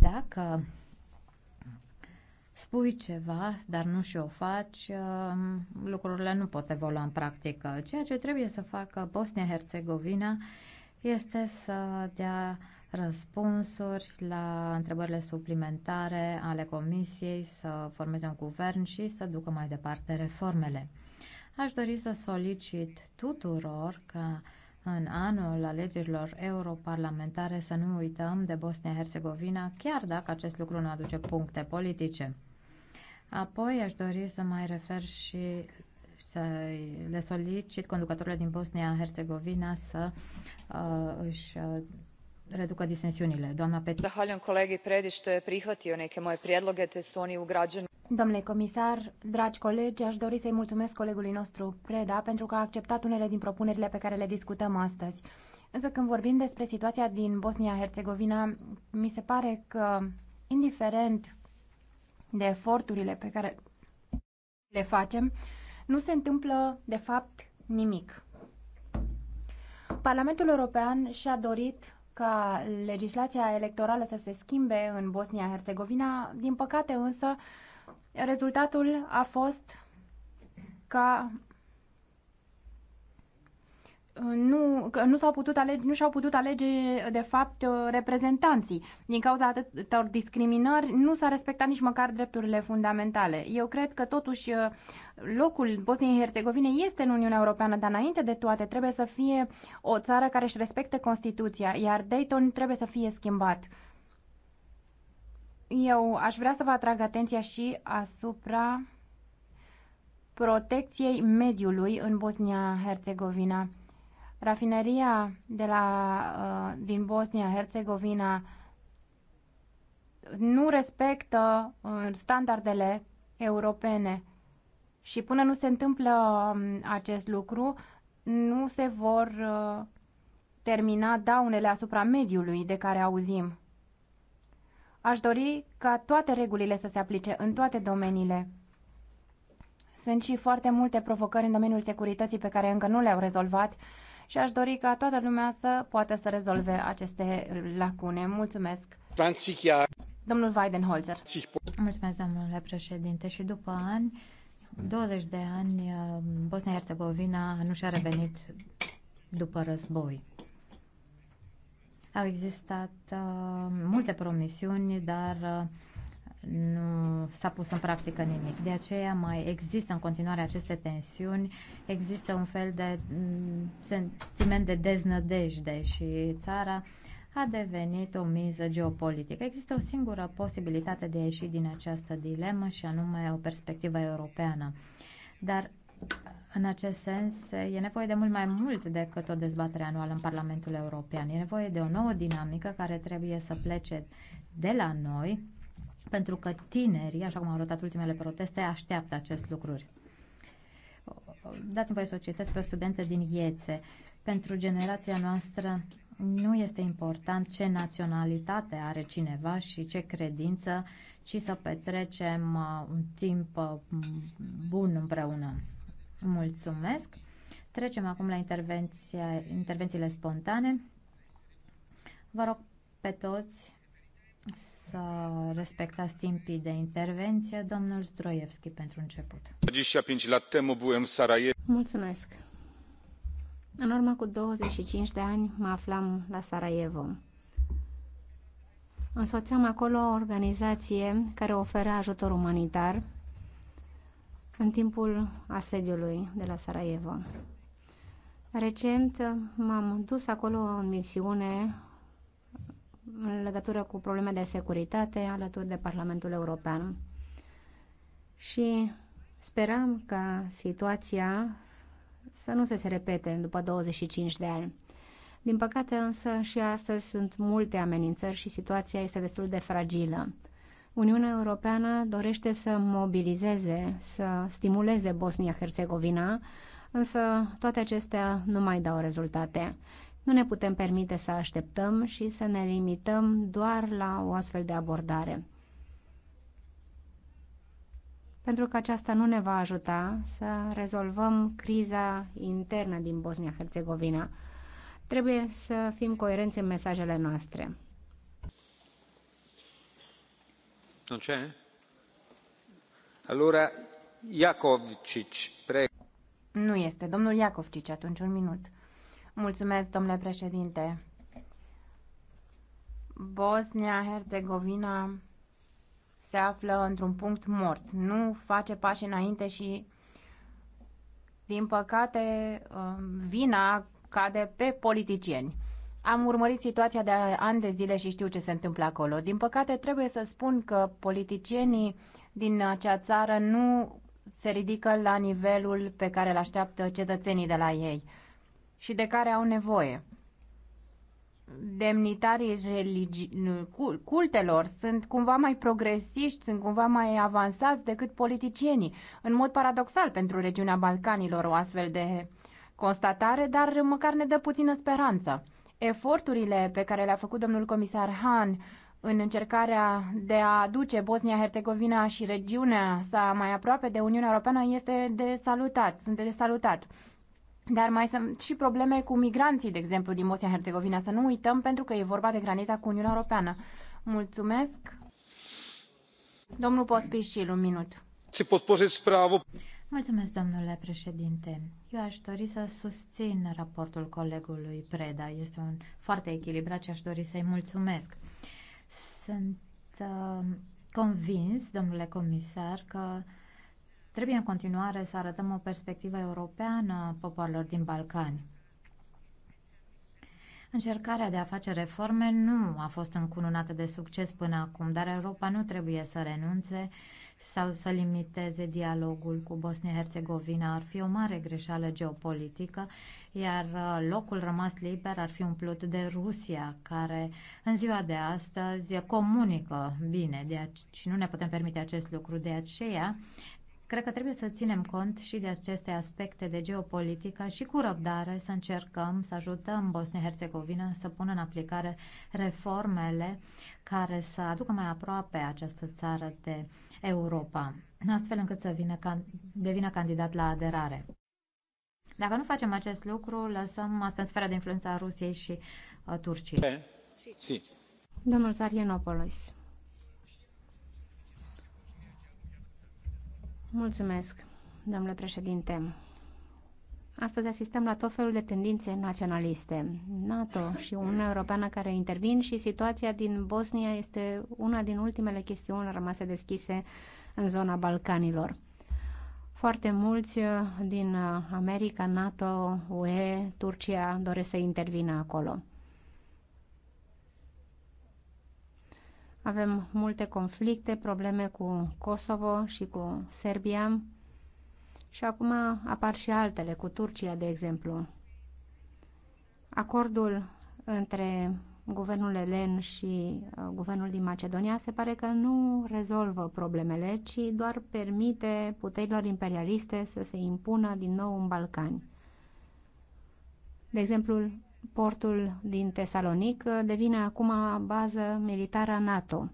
Dacă spui ceva, dar nu și o faci, um, lucrurile nu pot evolua în practică. Ceea ce trebuie să facă Bosnia-Herzegovina este să dea răspunsuri la întrebările suplimentare ale Comisiei, să formeze un guvern și să ducă mai departe reformele. Aș dori să solicit tuturor ca în anul alegerilor europarlamentare să nu uităm de Bosnia-Herzegovina, chiar dacă acest lucru nu aduce puncte politice. Apoi aș dori să mai refer și să le solicit conducătorilor din Bosnia-Herzegovina să uh, își uh, reducă disensiunile. Doamna Petir. Zahvaljujem kolegi Predi što je prihvatio neke moje prijedloge te su oni ugrađeni. Domnule comisar, dragi colegi, aș dori să-i mulțumesc colegului nostru Preda pentru că a acceptat unele din propunerile pe care le discutăm astăzi. Însă când vorbim despre situația din Bosnia-Herzegovina, mi se pare că, indiferent de eforturile pe care le facem, nu se întâmplă, de fapt, nimic. Parlamentul European și-a dorit ca legislația electorală să se schimbe în Bosnia-Herzegovina. Din păcate însă, rezultatul a fost ca nu, că nu s-au putut alege, nu și-au putut alege de fapt uh, reprezentanții. Din cauza atâtor discriminări nu s-a respectat nici măcar drepturile fundamentale. Eu cred că totuși uh, locul Bosniei Herzegovine este în Uniunea Europeană, dar înainte de toate trebuie să fie o țară care își respecte Constituția, iar Dayton trebuie să fie schimbat. Eu aș vrea să vă atrag atenția și asupra protecției mediului în Bosnia-Herzegovina. Rafineria de la, uh, din Bosnia-Herzegovina nu respectă uh, standardele europene și până nu se întâmplă um, acest lucru, nu se vor uh, termina daunele asupra mediului de care auzim. Aș dori ca toate regulile să se aplice în toate domeniile. Sunt și foarte multe provocări în domeniul securității pe care încă nu le-au rezolvat și aș dori ca toată lumea să poată să rezolve aceste lacune. Mulțumesc! Domnul Weidenholzer. Mulțumesc, domnule președinte. Și după ani, 20 de ani, uh, Bosnia-Herzegovina nu și-a revenit după război. Au existat uh, multe promisiuni, dar uh, nu s-a pus în practică nimic. De aceea mai există în continuare aceste tensiuni, există un fel de mm, sentiment de deznădejde și țara a devenit o miză geopolitică. Există o singură posibilitate de a ieși din această dilemă și anume o perspectivă europeană. Dar în acest sens, e nevoie de mult mai mult decât o dezbatere anuală în Parlamentul European. E nevoie de o nouă dinamică care trebuie să plece de la noi, pentru că tinerii, așa cum au arătat ultimele proteste, așteaptă acest lucru. Dați-mi voi să o citesc pe o studentă din Iețe. Pentru generația noastră nu este important ce naționalitate are cineva și ce credință, ci să petrecem uh, un timp uh, bun împreună. Mulțumesc! Trecem acum la intervenția, intervențiile spontane. Vă rog pe toți să respectați timpii de intervenție. Domnul Zdroievski, pentru început. 25 Sarajevo. Mulțumesc. În urmă cu 25 de ani mă aflam la Sarajevo. Însoțeam acolo o organizație care oferă ajutor umanitar în timpul asediului de la Sarajevo. Recent m-am dus acolo în misiune în legătură cu probleme de securitate alături de Parlamentul European. Și sperăm ca situația să nu se, se repete după 25 de ani. Din păcate însă și astăzi sunt multe amenințări și situația este destul de fragilă. Uniunea Europeană dorește să mobilizeze, să stimuleze Bosnia-Herzegovina, însă toate acestea nu mai dau rezultate. Nu ne putem permite să așteptăm și să ne limităm doar la o astfel de abordare. Pentru că aceasta nu ne va ajuta să rezolvăm criza internă din Bosnia-Herzegovina. Trebuie să fim coerenți în mesajele noastre. Nu ce? Alura Iacovcici, pre. Nu este. Domnul Iacovcici, atunci un minut. Mulțumesc, domnule președinte. Bosnia-Herzegovina se află într-un punct mort. Nu face pași înainte și, din păcate, uh, vina cade pe politicieni. Am urmărit situația de ani de zile și știu ce se întâmplă acolo. Din păcate, trebuie să spun că politicienii din acea țară nu se ridică la nivelul pe care îl așteaptă cetățenii de la ei și de care au nevoie. Demnitarii religi... cultelor sunt cumva mai progresiști, sunt cumva mai avansați decât politicienii. În mod paradoxal pentru regiunea Balcanilor o astfel de constatare, dar măcar ne dă puțină speranță. Eforturile pe care le-a făcut domnul comisar Han în încercarea de a aduce Bosnia-Herzegovina și regiunea sa mai aproape de Uniunea Europeană este de salutat, sunt de salutat. Dar mai sunt și probleme cu migranții, de exemplu, din Bosnia-Herzegovina. Să nu uităm, pentru că e vorba de granița cu Uniunea Europeană. Mulțumesc. Domnul Pospișil, un minut. pot Mulțumesc, domnule președinte. Eu aș dori să susțin raportul colegului Preda. Este un foarte echilibrat și aș dori să-i mulțumesc. Sunt uh, convins, domnule comisar, că Trebuie în continuare să arătăm o perspectivă europeană popoarelor din Balcani. Încercarea de a face reforme nu a fost încununată de succes până acum, dar Europa nu trebuie să renunțe sau să limiteze dialogul cu Bosnia-Herzegovina. Ar fi o mare greșeală geopolitică, iar uh, locul rămas liber ar fi umplut de Rusia, care în ziua de astăzi comunică bine de și nu ne putem permite acest lucru. De aceea Cred că trebuie să ținem cont și de aceste aspecte de geopolitică și cu răbdare să încercăm să ajutăm Bosnia-Herzegovina să pună în aplicare reformele care să aducă mai aproape această țară de Europa, astfel încât să vină, devină candidat la aderare. Dacă nu facem acest lucru, lăsăm asta în sfera de influență a Rusiei și a uh, Turciei. Domnul Sarienopoulos. Mulțumesc, domnule președinte. Astăzi asistăm la tot felul de tendințe naționaliste. NATO și Uniunea Europeană care intervin și situația din Bosnia este una din ultimele chestiuni rămase deschise în zona Balcanilor. Foarte mulți uh, din uh, America, NATO, UE, Turcia doresc să intervină acolo. Avem multe conflicte, probleme cu Kosovo și cu Serbia și acum apar și altele, cu Turcia, de exemplu. Acordul între guvernul elen și uh, guvernul din Macedonia se pare că nu rezolvă problemele, ci doar permite puterilor imperialiste să se impună din nou în Balcani. De exemplu, portul din Tesalonic devine acum bază militară NATO.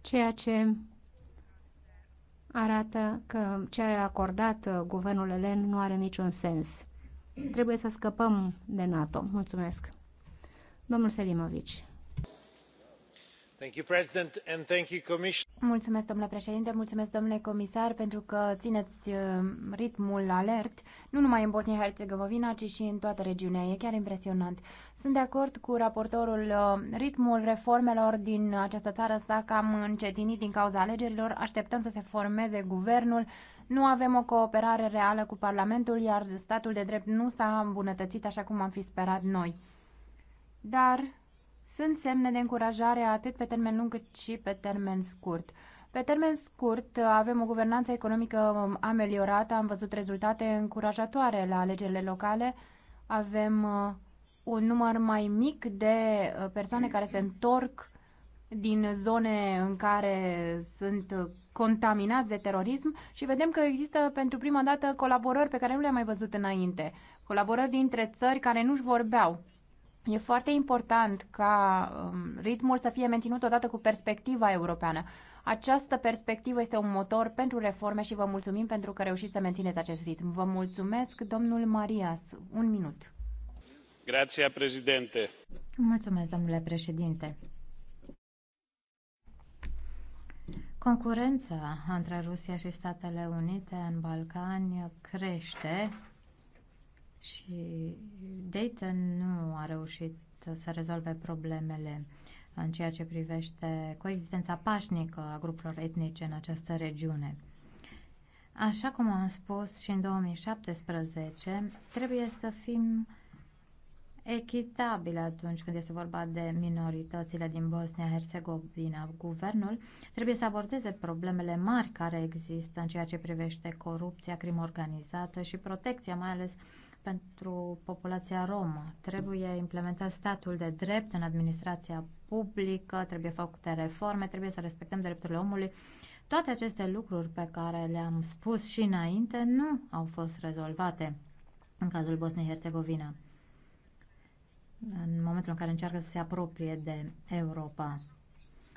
Ceea ce arată că ce a acordat guvernul elen nu are niciun sens. Trebuie să scăpăm de NATO. Mulțumesc. Domnul Selimovici. Mulțumesc, domnule președinte, mulțumesc, domnule comisar, pentru că țineți uh, ritmul alert, nu numai în Bosnia-Herzegovina, ci și în toată regiunea. E chiar impresionant. Sunt de acord cu raportorul. Uh, ritmul reformelor din această țară s-a cam încetinit din cauza alegerilor. Așteptăm să se formeze guvernul. Nu avem o cooperare reală cu Parlamentul, iar statul de drept nu s-a îmbunătățit așa cum am fi sperat noi. Dar sunt semne de încurajare atât pe termen lung cât și pe termen scurt. Pe termen scurt, avem o guvernanță economică ameliorată, am văzut rezultate încurajatoare la alegerile locale, avem uh, un număr mai mic de uh, persoane care se întorc din zone în care sunt contaminați de terorism și vedem că există pentru prima dată colaborări pe care nu le-am mai văzut înainte. Colaborări dintre țări care nu-și vorbeau. E foarte important ca um, ritmul să fie menținut odată cu perspectiva europeană. Această perspectivă este un motor pentru reforme și vă mulțumim pentru că reușiți să mențineți acest ritm. Vă mulțumesc, domnul Marias. Un minut. Grația, președinte. Mulțumesc, domnule președinte. Concurența între Rusia și Statele Unite în Balcani crește și Dayton nu a reușit să rezolve problemele în ceea ce privește coexistența pașnică a grupurilor etnice în această regiune. Așa cum am spus și în 2017, trebuie să fim echitabile atunci când este vorba de minoritățile din Bosnia-Herzegovina. Guvernul trebuie să abordeze problemele mari care există în ceea ce privește corupția, crimă organizată și protecția, mai ales pentru populația romă. Trebuie implementat statul de drept în administrația publică, trebuie făcute reforme, trebuie să respectăm drepturile omului. Toate aceste lucruri pe care le-am spus și înainte nu au fost rezolvate în cazul Bosniei-Herzegovina, în momentul în care încearcă să se apropie de Europa.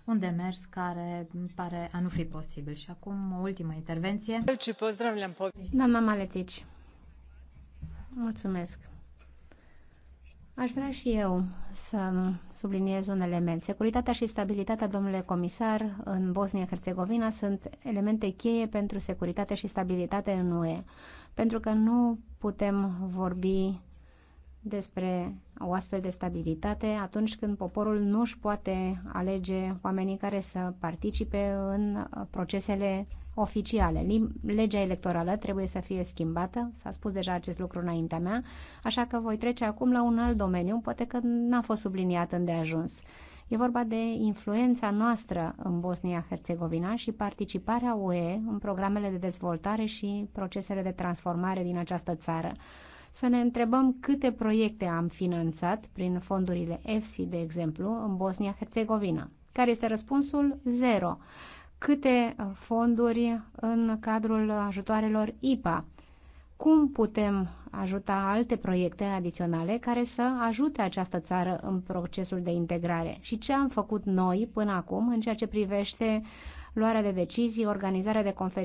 Un demers care pare a nu fi posibil. Și acum o ultimă intervenție. Doamna Maletici. Mulțumesc. Aș vrea și eu să subliniez un element. Securitatea și stabilitatea, domnule comisar, în Bosnia-Herzegovina sunt elemente cheie pentru securitate și stabilitate în UE, pentru că nu putem vorbi despre o astfel de stabilitate atunci când poporul nu își poate alege oamenii care să participe în procesele oficiale. Legea electorală trebuie să fie schimbată, s-a spus deja acest lucru înaintea mea, așa că voi trece acum la un alt domeniu, poate că n-a fost subliniat îndeajuns. E vorba de influența noastră în Bosnia-Herzegovina și participarea UE în programele de dezvoltare și procesele de transformare din această țară. Să ne întrebăm câte proiecte am finanțat prin fondurile EFSI, de exemplu, în Bosnia-Herzegovina. Care este răspunsul? Zero câte uh, fonduri în cadrul ajutoarelor IPA. Cum putem ajuta alte proiecte adiționale care să ajute această țară în procesul de integrare? Și ce am făcut noi până acum în ceea ce privește luarea de decizii, organizarea de conferințe,